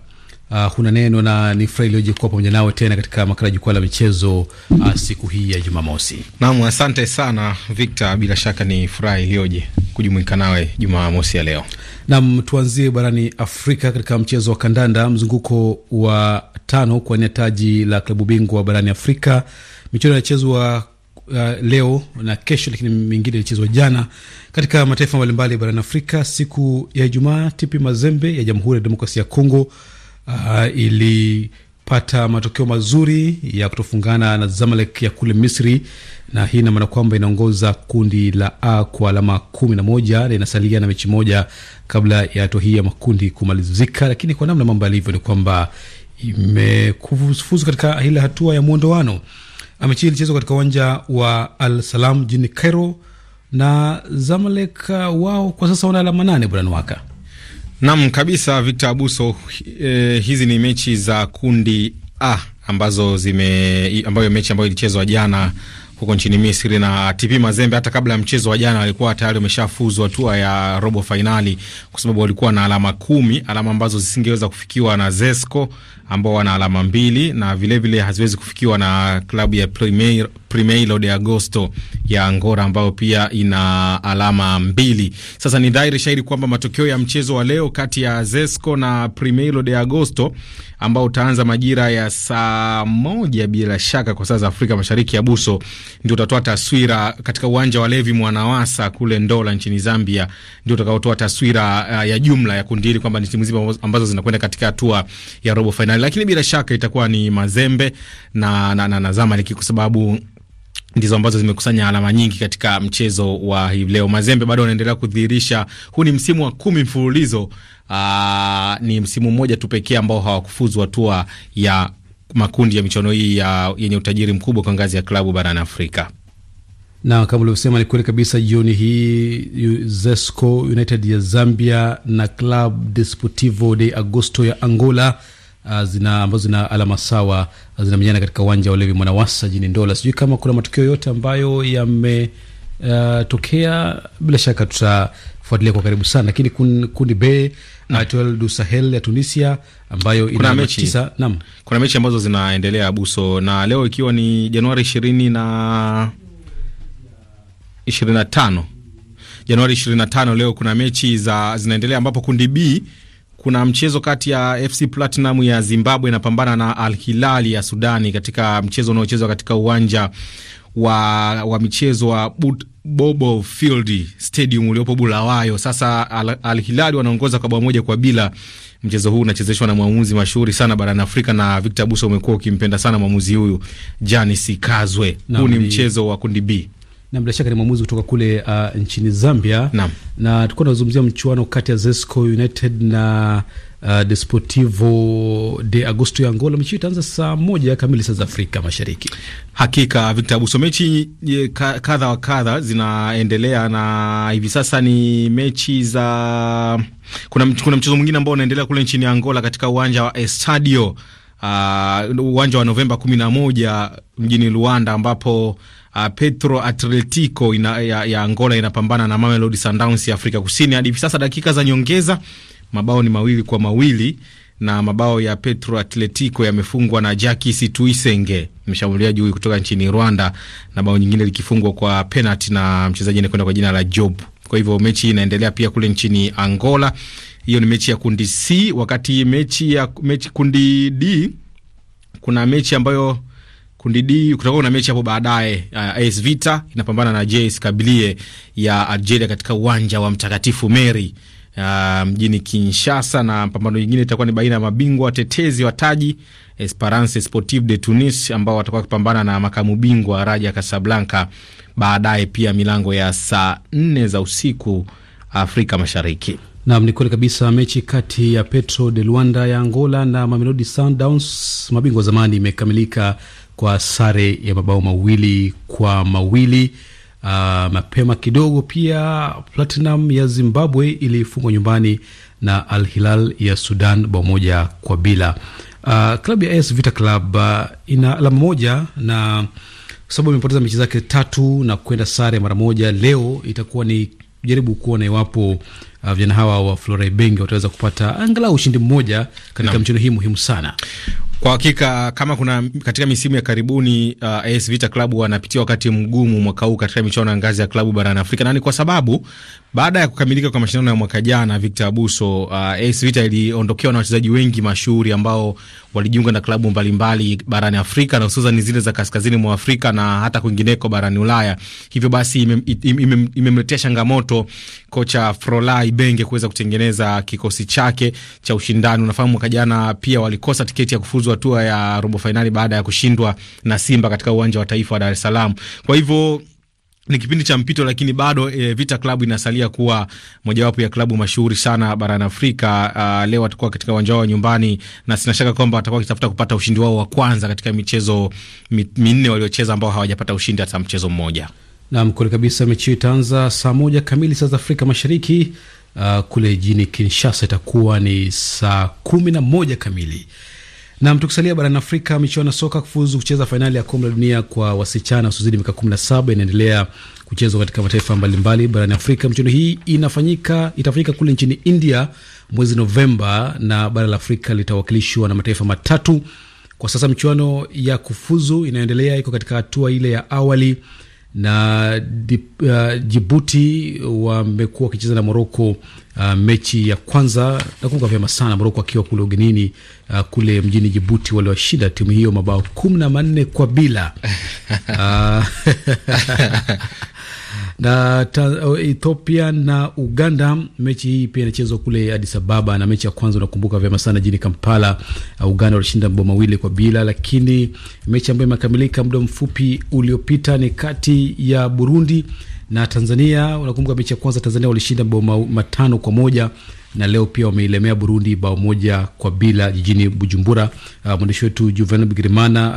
Uh, huna neno na ni furaha iliyoje kuwa pamoja nawe tena katika makala jukwaa la michezo uh, siku hii ya Jumamosi. Naam, asante sana Victor, bila shaka ni furaha iliyoje kujumuika nawe Jumamosi ya leo. Naam, tuanzie barani Afrika katika mchezo wa kandanda, mzunguko wa tano kuwania taji la klabu bingwa barani Afrika. Michezo inachezwa uh, leo na kesho, lakini mingine ilichezwa jana katika mataifa mbalimbali barani Afrika. Siku ya Ijumaa, TP Mazembe ya Jamhuri ya Demokrasia ya Kongo uh, ilipata matokeo mazuri ya kutofungana na Zamalek ya kule Misri, na hii ina maana kwamba inaongoza kundi la A kwa alama kumi na moja na inasalia na mechi moja kabla ya hatua hii ya makundi kumalizika. Lakini kwa namna mambo yalivyo ni kwamba imekufuzu katika ile hatua ya mwondoano. Mechi ilichezwa katika uwanja wa Al Salam jijini Cairo, na Zamalek uh, wao kwa sasa wana alama nane. Bwana Nwaka Nam kabisa, Victor Abuso. Eh, hizi ni mechi za kundi A ambazo zime ambayo mechi ambayo ilichezwa jana huko nchini Misri na TP Mazembe. Hata kabla ya mchezo wa jana walikuwa tayari wameshafuzu hatua ya robo fainali, kwa sababu walikuwa na alama kumi, alama ambazo zisingeweza kufikiwa na Zesco ambao wana alama mbili na vilevile vile haziwezi kufikiwa na klabu ya Primeiro, de Agosto ya Angola ambayo pia ina alama mbili. Sasa ni dhahiri shahiri kwamba matokeo ya mchezo wa leo kati ya Zesco na Primeiro de Agosto ambao utaanza majira ya saa moja bila shaka kwa saa za Afrika Mashariki ya buso ndio utatoa taswira katika uwanja wa Levi Mwanawasa kule Ndola nchini Zambia, ndio utakaotoa taswira uh, ya jumla ya kundi hili kwamba ni timu zima ambazo zinakwenda katika hatua ya robo fainali na, lakini bila shaka itakuwa ni mazembe na, na, na, na Zamalek kwa sababu ndizo ambazo zimekusanya alama nyingi katika mchezo wa hivi leo. Mazembe bado wanaendelea kudhihirisha, huu ni msimu wa kumi mfululizo. Aa, ni msimu mmoja tu pekee ambao hawakufuzu hatua ya makundi ya michuano hii yenye utajiri mkubwa kwa ngazi ya klabu barani Afrika na kama ulivyosema ni kweli kabisa. Jioni hii Zesco United ya Zambia na Club Desportivo de Agosto ya Angola Ah, zina ambazo zina alama sawa zinamenyana katika uwanja wa Levi Mwanawasa jini Ndola. Sijui kama kuna matukio yote ambayo yametokea. Uh, bila shaka tutafuatilia kwa karibu sana, lakini kundi B Etoile du Sahel ya Tunisia ambayo ina mechi tisa. Naam, kuna mechi ambazo zinaendelea buso na leo ikiwa ni Januari ishirini na ishirini na tano Januari ishirini na tano leo kuna mechi za zinaendelea ambapo kundi B kuna mchezo kati ya FC Platinum ya Zimbabwe inapambana na Al Hilali ya Sudani katika mchezo unaochezwa katika uwanja wa, wa michezo wa But Bobo Field Stadium uliopo Bulawayo. Sasa Al, Al Hilali wanaongoza kwa bao moja kwa bila. Mchezo huu unachezeshwa na mwamuzi mashuhuri sana barani Afrika na Victor Buso, umekuwa ukimpenda sana mwamuzi huyu Janis Kazwe. Huu ni mchezo wa kundi B na bila shaka ni mwamuzi kutoka kule uh, nchini Zambia na, na tulikuwa tunazungumzia mchuano kati ya Zesco United na uh, Desportivo de Agosto ya Angola. Mechi itaanza saa moja kamili saa za Afrika Mashariki. Hakika Victor Abuso, mechi kadha wa kadha zinaendelea na hivi sasa ni mechi za kuna, kuna mchezo mwingine ambao unaendelea kule nchini Angola katika uwanja wa Estadio uh, uwanja uh, wa Novemba kumi na moja mjini Luanda ambapo uh, Petro Atletico ina, ya, ya Angola inapambana na Mamelodi Sundowns ya Afrika Kusini. Hadi hivi sasa dakika za nyongeza, mabao ni mawili kwa mawili na mabao ya Petro Atletico yamefungwa na Jaki Situisenge, mshambuliaji huyu kutoka nchini Rwanda, na bao nyingine likifungwa kwa penalti na mchezaji anakwenda kwa jina la Job. Kwa hivyo mechi inaendelea pia kule nchini Angola. Hiyo ni mechi ya kundi C, wakati mechi ya mechi kundi D kuna mechi ambayo Kundi D kutakuwa kuna mechi hapo baadaye. Uh, AS Vita inapambana na JS Kabylie ya Algeria katika uwanja wa Mtakatifu Mary uh, mjini Kinshasa, na pambano lingine itakuwa ni baina ya mabingwa watetezi wa taji Esperance Sportive de Tunis ambao watakuwa wakipambana na makamu bingwa Raja Casablanca baadaye pia milango ya saa nne za usiku Afrika Mashariki. Nam, ni kweli kabisa. Mechi kati ya Petro de Luanda ya Angola na Mamelodi Sundowns, mabingwa zamani, imekamilika kwa sare ya mabao mawili kwa mawili. Uh, mapema kidogo pia Platinum ya Zimbabwe ilifungwa nyumbani na Al Hilal ya Sudan bao moja kwa bila. Uh, ah, klabu ya AS Vita Club uh, ina alama moja na sababu imepoteza mechi zake tatu na kwenda sare mara moja. Leo itakuwa ni jaribu kuona iwapo uh, vijana hawa wa Floribenge wataweza kupata angalau ushindi mmoja katika mchezo hii muhimu sana. Kwa hakika kama kuna katika misimu ya karibuni uh, AS Vita Club wanapitia wakati mgumu mwaka huu katika michuano ya ngazi ya klabu barani Afrika, na ni kwa sababu baada ya kukamilika kwa mashindano ya mwaka jana, Victor Abuso, uh, AS Vita iliondokewa na wachezaji wengi mashuhuri ambao walijiunga na klabu mbalimbali barani Afrika na hususan zile za kaskazini mwa Afrika na hata kwingineko barani Ulaya. Hivyo basi imemletea ime, ime changamoto kocha Frola Ibenge kuweza kutengeneza kikosi chake cha ushindani. Unafahamu mwaka jana pia walikosa tiketi ya kufuzu kufuzu hatua ya robo fainali baada ya kushindwa na Simba katika uwanja wa taifa wa Dar es Salaam. Kwa hivyo ni kipindi cha mpito lakini bado e, Vita Klabu inasalia kuwa mojawapo ya klabu mashuhuri sana barani Afrika. A, ah, leo watakuwa katika uwanja wao wa nyumbani, na sina shaka kwamba watakuwa wakitafuta kupata ushindi wao wa kwanza katika michezo minne waliocheza, ambao hawajapata ushindi hata mchezo mmoja. Naam, kweli kabisa. Mechi hiyo itaanza saa moja kamili saa za Afrika Mashariki. Uh, kule jijini Kinshasa itakuwa ni saa kumi na moja kamili. Nam, tukisalia barani Afrika, michuano ya soka kufuzu kucheza fainali ya kombe la dunia kwa wasichana wasiozidi miaka 17 inaendelea kuchezwa katika mataifa mbalimbali barani Afrika. Michuano hii inafanyika itafanyika kule nchini India mwezi Novemba, na bara la Afrika litawakilishwa na mataifa matatu. Kwa sasa michuano ya kufuzu inayoendelea iko katika hatua ile ya awali na uh, Jibuti wamekuwa wakicheza na Moroko uh, mechi ya kwanza nakumbuka vyema sana, Moroko akiwa kule ugenini uh, kule mjini Jibuti, waliwashinda timu hiyo mabao kumi na manne kwa bila uh, na Ethiopia na Uganda, mechi hii pia inachezwa kule Addis Ababa, na mechi ya kwanza unakumbuka vyema sana jini Kampala, uh, Uganda walishinda mabao mawili kwa bila, lakini mechi ambayo imekamilika muda mfupi uliopita ni kati ya Burundi na Tanzania. Unakumbuka mechi ya kwanza Tanzania walishinda mabao matano kwa moja na leo pia wameilemea Burundi bao moja kwa bila jijini Bujumbura. Uh, mwandishi wetu Juvenal Bigirimana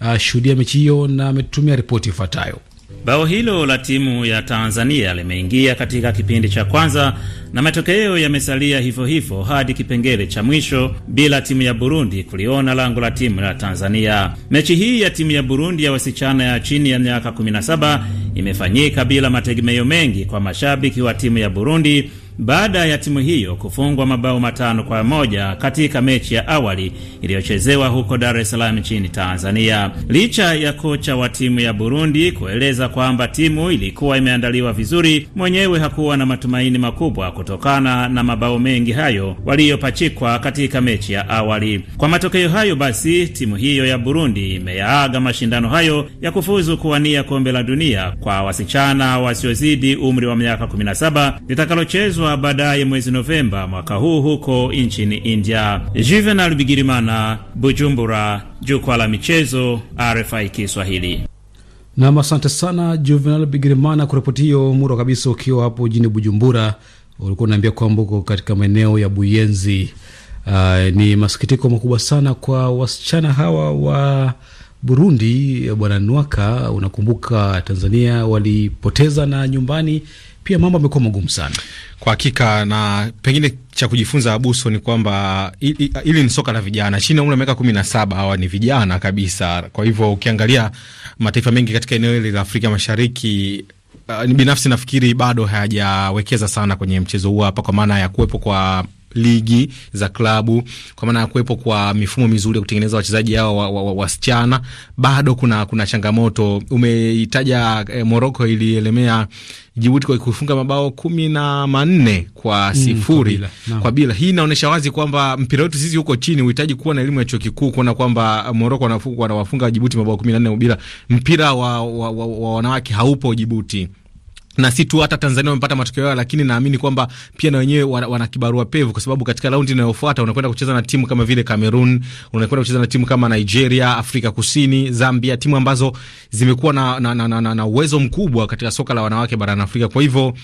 alishuhudia uh, mechi hiyo na ametumia ripoti ifuatayo. Bao hilo la timu ya Tanzania limeingia katika kipindi cha kwanza na matokeo yamesalia hivyo hivyo hadi kipengele cha mwisho bila timu ya Burundi kuliona lango la timu ya Tanzania. Mechi hii ya timu ya Burundi ya wasichana ya chini ya miaka 17 imefanyika bila mategemeo mengi kwa mashabiki wa timu ya Burundi baada ya timu hiyo kufungwa mabao matano kwa moja katika mechi ya awali iliyochezewa huko Dar es Salaam nchini Tanzania. Licha ya kocha wa timu ya Burundi kueleza kwamba timu ilikuwa imeandaliwa vizuri, mwenyewe hakuwa na matumaini makubwa kutokana na mabao mengi hayo waliyopachikwa katika mechi ya awali. Kwa matokeo hayo basi, timu hiyo ya Burundi imeyaaga mashindano hayo ya kufuzu kuwania kombe la dunia kwa wasichana wasiozidi umri wa miaka 17 litakalochezwa kufunguliwa baadaye mwezi Novemba mwaka huu huko nchini India. Juvenal Bigirimana, Bujumbura, jukwaa la michezo, RFI Kiswahili. Nam, asante sana Juvenal Bigirimana kwa ripoti hiyo mura kabisa. Ukiwa hapo jini Bujumbura, ulikuwa unaambia kwamba uko katika maeneo ya Buyenzi. Uh, ni masikitiko makubwa sana kwa wasichana hawa wa Burundi, bwana Nwaka. Unakumbuka Tanzania walipoteza na nyumbani pia mambo yamekuwa magumu sana kwa hakika, na pengine cha kujifunza Abuso ni kwamba hili ni soka la vijana chini ya umri wa miaka kumi na saba. Hawa ni vijana kabisa. Kwa hivyo ukiangalia mataifa mengi katika eneo hili la Afrika Mashariki Uh, binafsi nafikiri bado hayajawekeza sana kwenye mchezo huo hapa, kwa maana ya kuwepo kwa ligi za klabu, kwa maana ya kuwepo kwa mifumo mizuri ya kutengeneza wachezaji hao wasichana wa, wa, bado kuna, kuna changamoto. Umeitaja eh, Moroko ilielemea Jibuti kwa kufunga mabao kumi na manne kwa sifuri mm, kwa, kwa bila. Hii inaonyesha wazi kwamba mpira wetu sisi huko chini uhitaji kuwa na elimu ya chuo kikuu kuona kwamba Moroko wanawafunga Jibuti mabao kumi na nne bila. Mpira wa, wa, wa, wa wanawake haupo Jibuti na si tu hata Tanzania wamepata matokeo yao, lakini naamini kwamba pia na wenyewe wana, wana kibarua pevu, kwa sababu katika raundi inayofuata unakwenda kucheza na timu kama vile Cameroon, unakwenda kucheza na timu kama Nigeria, Afrika Kusini, Zambia, timu ambazo zimekuwa na, na, na, na, na uwezo mkubwa katika soka la wanawake barani Afrika. Kwa hivyo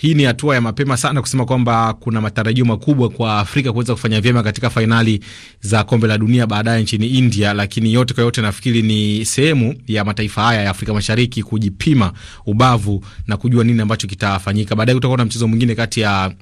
hii ni hatua ya mapema sana kusema kwamba kuna matarajio makubwa kwa Afrika kuweza kufanya vyema katika fainali za kombe la dunia baadaye nchini India, lakini yote kwa yote nafikiri ni sehemu ya mataifa haya ya Afrika Mashariki kujipima ubavu na kujua nini ambacho kitafanyika baadaye. Kutakuwa na mchezo mwingine kati ya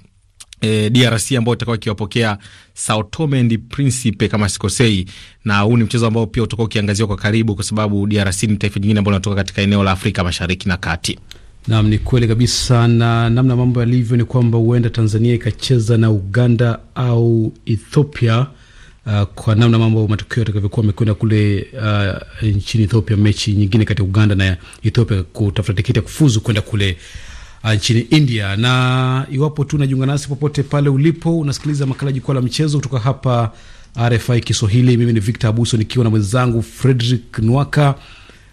E, eh, DRC ambao itakuwa ikiwapokea Sao Tome and Principe kama sikosei, na huu ni mchezo ambao pia utakuwa ukiangaziwa kwa karibu, kwa sababu DRC ni taifa jingine ambalo linatoka katika eneo la Afrika Mashariki na Kati. Naam, ni kweli kabisa, na namna mambo yalivyo ni kwamba huenda Tanzania ikacheza na Uganda au Ethiopia. Uh, kwa namna mambo matokeo yatakavyokuwa amekwenda kule uh, nchini Ethiopia, mechi nyingine kati ya Uganda na Ethiopia kutafuta tiketi ya kufuzu kwenda kule uh, nchini India. Na iwapo tu unajiunga nasi popote pale ulipo, unasikiliza makala jukwaa la michezo kutoka hapa uh, RFI Kiswahili. Mimi ni Victor Abuso nikiwa na mwenzangu Fredrick Nwaka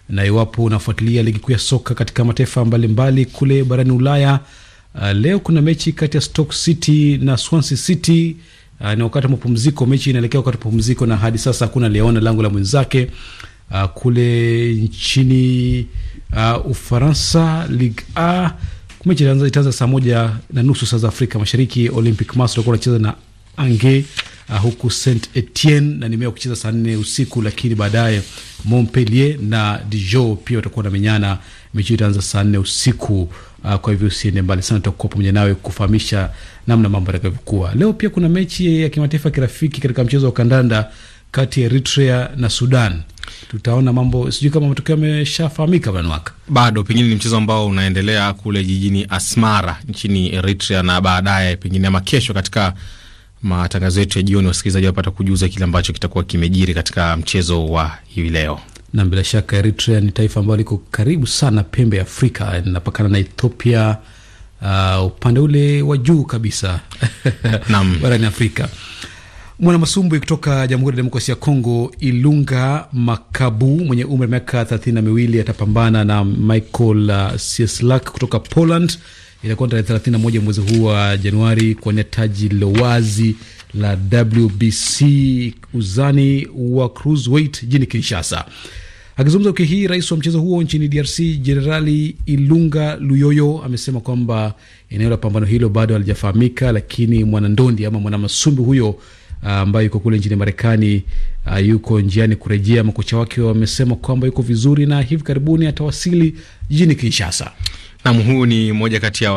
na iwapo unafuatilia ligi kuu ya soka katika mataifa mbalimbali kule barani Ulaya, uh, leo kuna mechi kati ya Stoke City na Swansea City uh, na wakati mapumziko, mechi inaelekea wakati mapumziko, na hadi sasa hakuna aliyeona lango la mwenzake. Uh, kule nchini uh, Ufaransa, Ligue A mechi itaanza saa moja na nusu saa za Afrika Mashariki. Olympic Marseille watakuwa wanacheza na Angers uh, huku Saint Etienne na nimea kucheza saa nne usiku, lakini baadaye Montpellier na Dijon pia watakuwa na menyana. Mechi itaanza saa nne usiku. Uh, kwa hivyo usiende mbali sana, tutakuwa pamoja nawe kufahamisha namna mambo yatakavyokuwa. Leo pia kuna mechi ya kimataifa kirafiki katika mchezo wa kandanda kati ya Eritrea na Sudan. Tutaona mambo, sijui kama matokeo yameshafahamika banwaka, bado pengine ni mchezo ambao unaendelea kule jijini Asmara nchini Eritrea, na baadaye pengine ama kesho katika matangazo yetu ya jioni, wasikilizaji wapata kujuza kile ambacho kitakuwa kimejiri katika mchezo wa hivi leo. Na bila shaka Eritrea ni taifa ambalo liko karibu sana pembe ya Afrika, inapakana na Ethiopia uh, upande ule wa juu kabisa barani Afrika. Mwanamasumbwi kutoka Jamhuri ya Demokrasia ya Kongo, Ilunga Makabu mwenye umri wa miaka thelathini na miwili atapambana na Michael uh, kutoka Poland itakuwa tarehe 31 mwezi huu wa Januari kwenye taji wazi la WBC uzani wa cruiserweight jini Kinshasa. Akizungumza wiki hii, rais wa mchezo huo nchini DRC Jenerali Ilunga Luyoyo amesema kwamba eneo la pambano hilo bado halijafahamika, lakini mwanandondi ama mwanamasumbi huyo ah, ambaye yuko kule nchini Marekani ah, yuko njiani kurejea. Makocha wake wamesema kwamba yuko vizuri na hivi karibuni atawasili jijini Kinshasa. Nam, huyu ni mmoja kati ya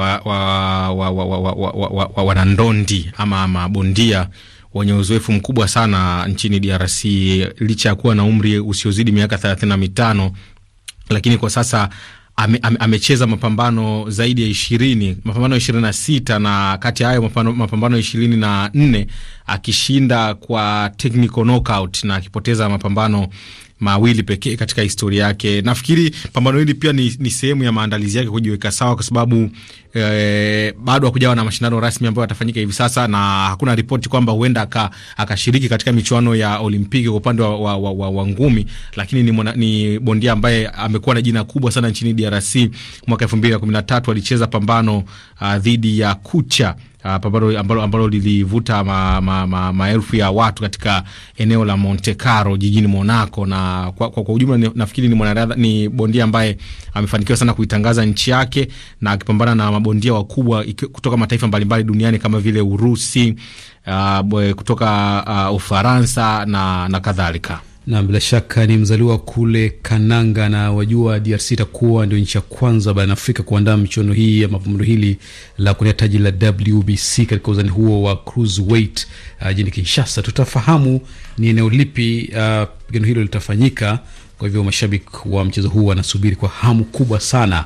wanandondi ama mabondia wenye uzoefu mkubwa sana nchini DRC licha ya kuwa na umri usiozidi miaka thelathini na mitano, lakini kwa sasa ame, ame, amecheza mapambano zaidi ya ishirini mapambano ishirini na sita na kati ya hayo mapambano, ishirini na nne akishinda kwa technical knockout na akipoteza mapambano mawili pekee katika historia yake. Nafikiri pambano hili pia ni, ni sehemu ya maandalizi yake kujiweka sawa, kwa sababu e, bado hakujawa na mashindano rasmi ambayo yatafanyika hivi sasa, na hakuna ripoti kwamba huenda akashiriki katika michuano ya Olimpiki kwa upande wa, wa, wa, wa, wa ngumi, lakini ni, mwana, ni bondia ambaye amekuwa na jina kubwa sana nchini DRC. Mwaka elfu mbili na kumi na tatu alicheza pambano ah, dhidi ya Kucha ambalo, ah, ambalo, ambalo lilivuta maelfu ma, ma, ma ya watu katika eneo la Monte Carlo jijini Monaco, na kwa, kwa, kwa ujumla nafikiri ni mwanariadha, ni bondia ambaye amefanikiwa sana kuitangaza nchi yake na akipambana na mabondia wakubwa kutoka mataifa mbalimbali duniani kama vile Urusi, uh, kutoka uh, Ufaransa na, na kadhalika na bila shaka ni mzaliwa kule Kananga na wajua, DRC itakuwa ndio nchi ya kwanza barani Afrika kuandaa michuano hii ya mapambano hili la kunia taji la WBC katika uzani huo wa cruiserweight uh, jijini uh, Kinshasa. Tutafahamu ni eneo lipi uh, pigano hilo litafanyika. Kwa hivyo mashabiki wa mchezo huu wanasubiri kwa hamu kubwa sana.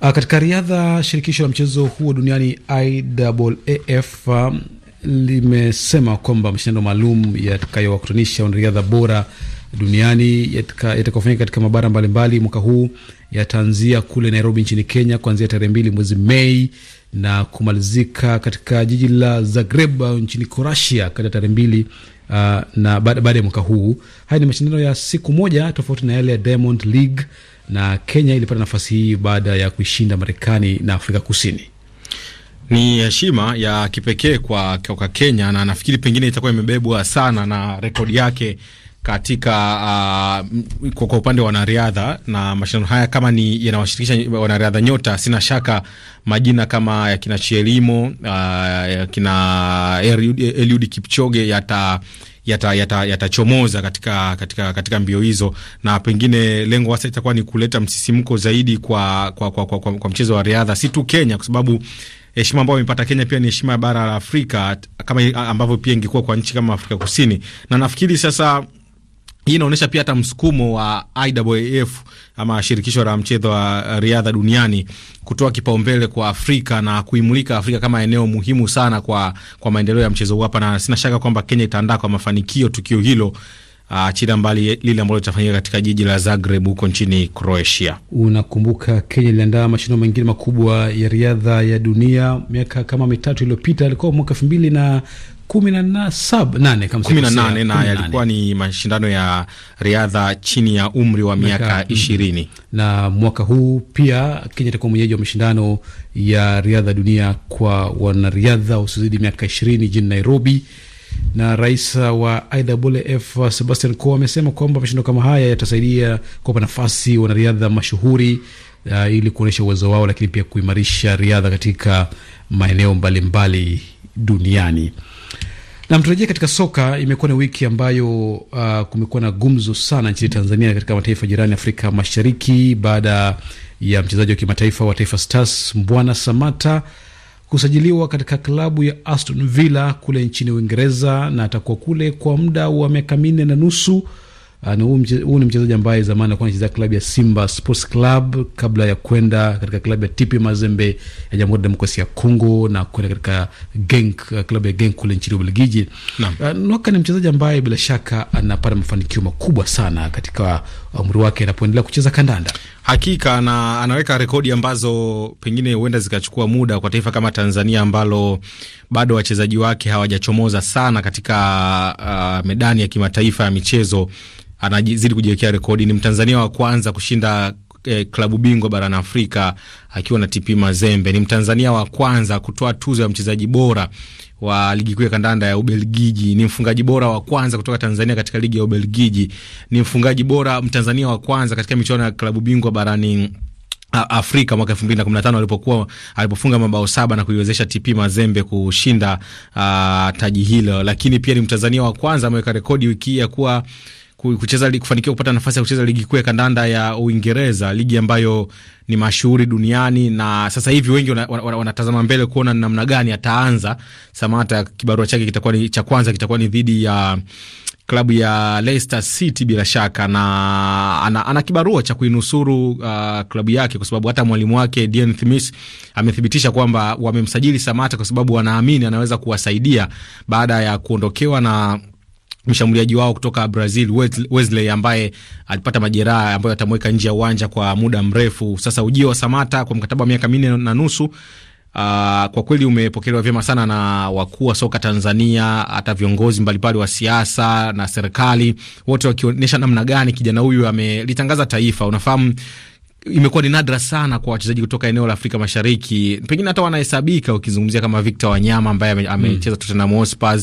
Uh, katika riadha, shirikisho la mchezo huo duniani IAAF um, limesema kwamba mashindano maalum yatakayowakutanisha wanariadha bora duniani yatakaofanyika katika mabara mbalimbali mwaka huu yataanzia kule Nairobi nchini Kenya kuanzia tarehe mbili mwezi Mei na kumalizika katika jiji la Zagreb nchini croatia kati ya tarehe mbili uh, na baada ya mwaka huu. Haya ni mashindano ya siku moja tofauti na yale ya Diamond League, na Kenya ilipata nafasi hii baada ya kuishinda Marekani na Afrika Kusini. Ni heshima ya kipekee kwa, kwa Kenya na nafikiri pengine itakuwa imebebwa sana na rekodi yake katika uh, kwa upande wa wanariadha na mashindano haya kama ni yanawashirikisha wanariadha nyota, sina shaka majina kama ya kina Chielimo uh, ya kina Eliud Kipchoge yata yatachomoza yata, yata katika, katika, katika mbio hizo, na pengine lengo hasa itakuwa ni kuleta msisimko zaidi kwa, kwa, kwa, kwa, kwa, kwa mchezo wa riadha si tu Kenya kwa sababu heshima ambayo imepata Kenya pia ni heshima ya bara la Afrika kama ambavyo pia ingekuwa kwa nchi kama Afrika Kusini, na nafikiri sasa hii inaonyesha pia hata msukumo wa IAAF ama shirikisho la mchezo wa riadha duniani kutoa kipaumbele kwa Afrika na kuimulika Afrika kama eneo muhimu sana kwa, kwa maendeleo ya mchezo huu hapa, na sina shaka kwamba Kenya itaandaa kwa mafanikio tukio hilo achilia ah, mbali lile ambalo litafanyika katika jiji la Zagreb huko nchini Croatia. Unakumbuka Kenya iliandaa mashindano mengine makubwa ya riadha ya dunia miaka kama mitatu iliyopita, alikuwa mwaka elfu mbili na kumi na nane na yalikuwa ni mashindano ya riadha chini ya umri wa miaka mm-hmm. ishirini na mwaka huu pia Kenya itakuwa mwenyeji wa mashindano ya riadha dunia kwa wanariadha wasiozidi miaka ishirini jijini Nairobi. Na rais wa IWF Sebastian Coe amesema kwamba mashindo kama haya yatasaidia kuwapa nafasi wanariadha mashuhuri uh, ili kuonyesha uwezo wao, lakini pia kuimarisha riadha katika maeneo mbalimbali mbali duniani. Na mturejee katika soka, imekuwa ni wiki ambayo uh, kumekuwa na gumzo sana nchini Tanzania katika mataifa jirani Afrika Mashariki baada ya mchezaji wa kimataifa wa Taifa Stars Mbwana Samata kusajiliwa katika klabu ya Aston Villa kule nchini Uingereza, na atakuwa kule kwa muda wa miaka minne na nusu. Ah, huu ni mchezaji ambaye zamani alikuwa anachezea klabu ya Simba Sports Club kabla ya kwenda katika klabu ya TP Mazembe ya Jamhuri ya Demokrasia ya Kongo na kwenda katika Genk, ah, klabu ya Genk kule nchini Ubelgiji. Ah, Nwaka ni mchezaji ambaye bila shaka anapata mafanikio makubwa sana katika umri wake anapoendelea kucheza kandanda. Hakika na anaweka rekodi ambazo pengine huenda zikachukua muda kwa taifa kama Tanzania ambalo bado wachezaji wake hawajachomoza sana katika uh, medani ya kimataifa ya michezo. Anazidi kujiwekea rekodi, ni Mtanzania wa kwanza kushinda eh, klabu bingwa barani Afrika akiwa na TP Mazembe. Ni Mtanzania wa kwanza kutoa tuzo ya mchezaji bora wa ligi kuu ya kandanda ya Ubelgiji, ni mfungaji bora wa kwanza kutoka Tanzania katika ligi ya Ubelgiji, ni mfungaji bora Mtanzania wa kwanza katika michuano ya klabu bingwa barani Afrika mwaka 2015 alipokuwa alipofunga mabao saba na kuiwezesha TP Mazembe kushinda uh, taji hilo, lakini pia ni Mtanzania wa kwanza ameweka rekodi wiki ya kuwa kucheza kufanikiwa kupata nafasi ya kucheza ligi kuu ya kandanda ya Uingereza, ligi ambayo ni mashuhuri duniani, na sasa hivi wengi wanatazama wana, wana mbele kuona ni namna gani ataanza. Samata kibarua chake kitakuwa ni cha kwanza, kitakuwa ni dhidi ya klabu ya Leicester City bila shaka, na ana, ana kibarua cha kuinusuru uh, klabu yake, kwa sababu hata mwalimu wake Dean Smith amethibitisha kwamba wamemsajili Samata kwa sababu wanaamini anaweza kuwasaidia baada ya kuondokewa na mshambuliaji wao kutoka Brazil Wesley ambaye alipata majeraha ambayo atamweka nje ya uwanja kwa muda mrefu. Sasa ujio wa Samata kwa mkataba wa miaka minne na nusu uh, kwa kweli umepokelewa vyema sana na wakuu wa soka Tanzania, hata viongozi mbalimbali wa siasa na serikali, wote wakionyesha namna gani kijana huyu amelitangaza taifa. Unafahamu imekuwa ni nadra sana kwa wachezaji kutoka eneo la Afrika Mashariki, pengine hata wanahesabika, ukizungumzia kama Victor Wanyama ambaye amecheza mm. Tottenham Hotspur,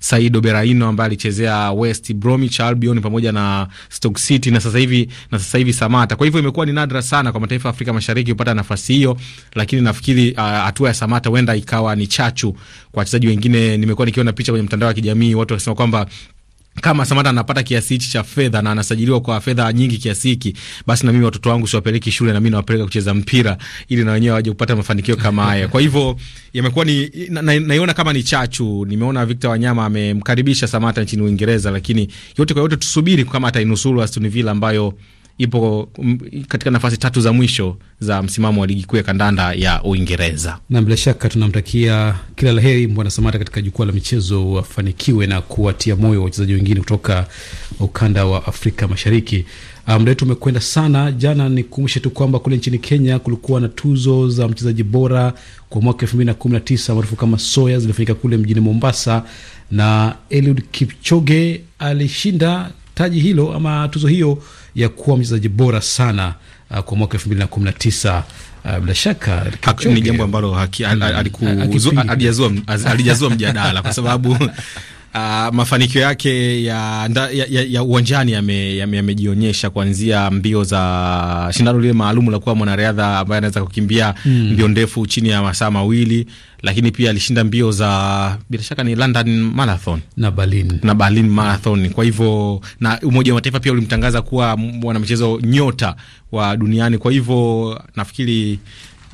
Saido Beraino ambaye alichezea West Bromwich Albion pamoja na Stoke City na sasa hivi na sasa hivi Samata. Kwa hivyo imekuwa ni nadra sana kwa mataifa ya Afrika Mashariki kupata nafasi hiyo, lakini nafikiri uh, hatua uh, ya Samata huenda ikawa ni chachu kwa wachezaji wengine. Nimekuwa nikiona picha kwenye mtandao wa kijamii watu wakisema kwamba kama Samata anapata kiasi hichi cha fedha na anasajiliwa kwa fedha nyingi kiasi hiki, basi na mimi watoto wangu siwapeleki shule, na mimi nawapeleka kucheza mpira ili na wenyewe waje kupata mafanikio kama haya. Kwa hivyo yamekuwa ni naiona na, naiona kama ni chachu. Nimeona Victor Wanyama amemkaribisha Samata nchini Uingereza, lakini yote kwa yote tusubiri kama atainusuru Aston Villa ambayo ipo um, katika nafasi tatu za mwisho za msimamo wa ligi kuu ya kandanda ya Uingereza. Na bila shaka tunamtakia kila la heri Mbwana Samata katika jukwaa la michezo, wafanikiwe na kuwatia moyo wachezaji wengine kutoka ukanda wa Afrika Mashariki. Ah, muda um, wetu umekwenda sana. Jana nikukumbushe tu kwamba kule nchini Kenya kulikuwa na tuzo za mchezaji bora kwa mwaka elfu mbili na kumi na tisa maarufu kama Soya, zilifanyika kule mjini Mombasa na Eliud Kipchoge alishinda taji hilo ama tuzo hiyo ya kuwa mchezaji bora sana uh, kwa mwaka na kumi na uh, bila shaka ni jambo ambalo mm. alijazua mjadala kwa sababu Uh, mafanikio yake ya, ya, ya, ya uwanjani yamejionyesha ya kuanzia mbio za shindano lile maalumu la kuwa mwanariadha ambaye anaweza kukimbia mm, mbio ndefu chini ya masaa mawili, lakini pia alishinda mbio za bila shaka ni London Marathon na Berlin, na Berlin Marathon. Kwa hivyo na Umoja wa Mataifa pia ulimtangaza kuwa mwanamchezo nyota wa duniani. Kwa hivyo nafikiri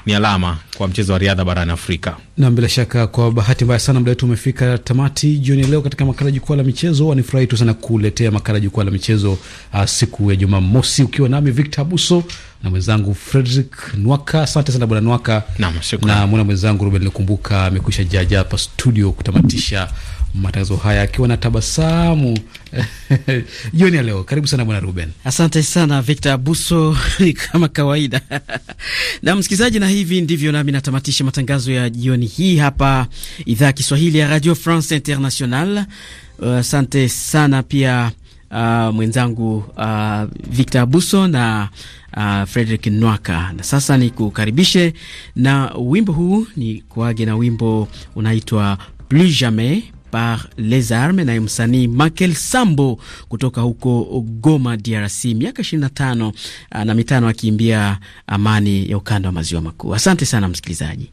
ni alama kwa mchezo wa riadha barani Afrika. Na bila shaka, kwa bahati mbaya sana, muda wetu umefika tamati jioni leo katika makala jukwaa la michezo. Wanifurahi tu sana kuletea makala jukwaa la michezo uh, siku ya Jumamosi ukiwa nami Victor Abuso na mwenzangu Frederick Nwaka. Asante sana bwana Nwaka na mwana mwenzangu Ruben Likumbuka amekwisha jaja hapa studio kutamatisha matangazo haya akiwa na tabasamu jioni ya leo. Karibu sana bwana Ruben. Asante sana Victor Abuso kama kawaida na msikilizaji, na hivi ndivyo nami natamatisha matangazo ya jioni hii hapa idhaa ya Kiswahili ya Radio France International. Uh, asante uh, sana pia uh, mwenzangu uh, Victor Abuso na uh, Frederick Nwaka. Na sasa ni kukaribishe na wimbo huu, ni kuage na wimbo unaitwa Plus Jamais par les Armes naye msanii Makel Sambo kutoka huko Goma, DRC, miaka 25 ah, na mitano akiimbia amani ya ukanda wa maziwa makuu. Asante sana msikilizaji.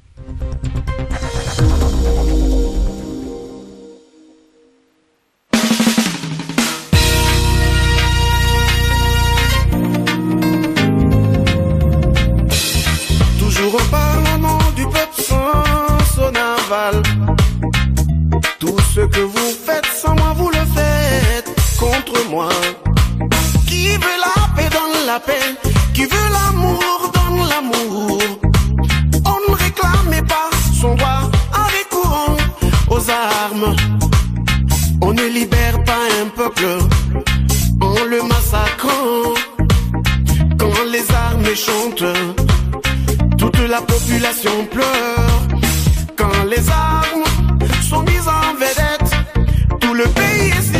que vous faites sans moi, vous le faites contre moi. Qui veut la paix dans la paix. Qui veut l'amour donne l'amour. On ne réclame pas son droit Avec courant aux armes. On ne libère pas un peuple en le massacrant. Quand les armes chantent, toute la population pleure. Quand les armes le pays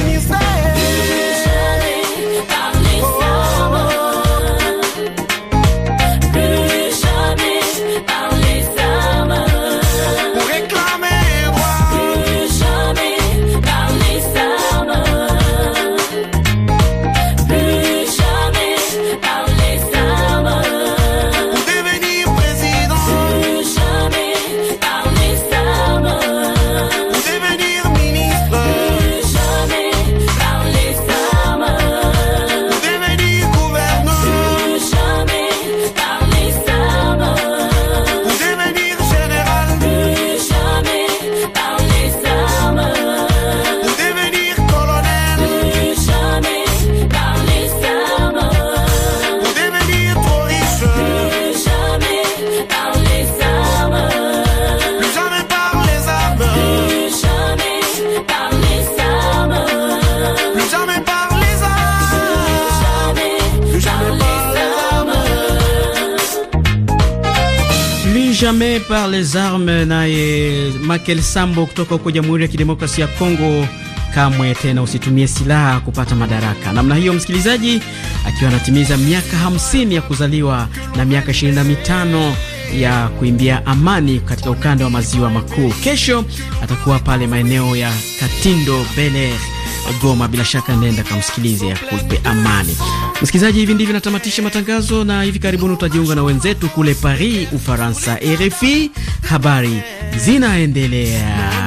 par les armes naye Makel Sambo kutoka huko Jamhuri ya Kidemokrasia ya Kongo, kamwe tena usitumie silaha kupata madaraka. Namna hiyo, msikilizaji, akiwa anatimiza miaka 50 ya kuzaliwa na miaka 25 ya kuimbia amani katika ukanda wa maziwa makuu. Kesho atakuwa pale maeneo ya Katindo Bele Goma, bila shaka nenda kamsikilize kupe amani. Msikilizaji, hivi ndivyo natamatisha matangazo, na hivi karibuni utajiunga na wenzetu kule Paris, Ufaransa. RFI, habari zinaendelea.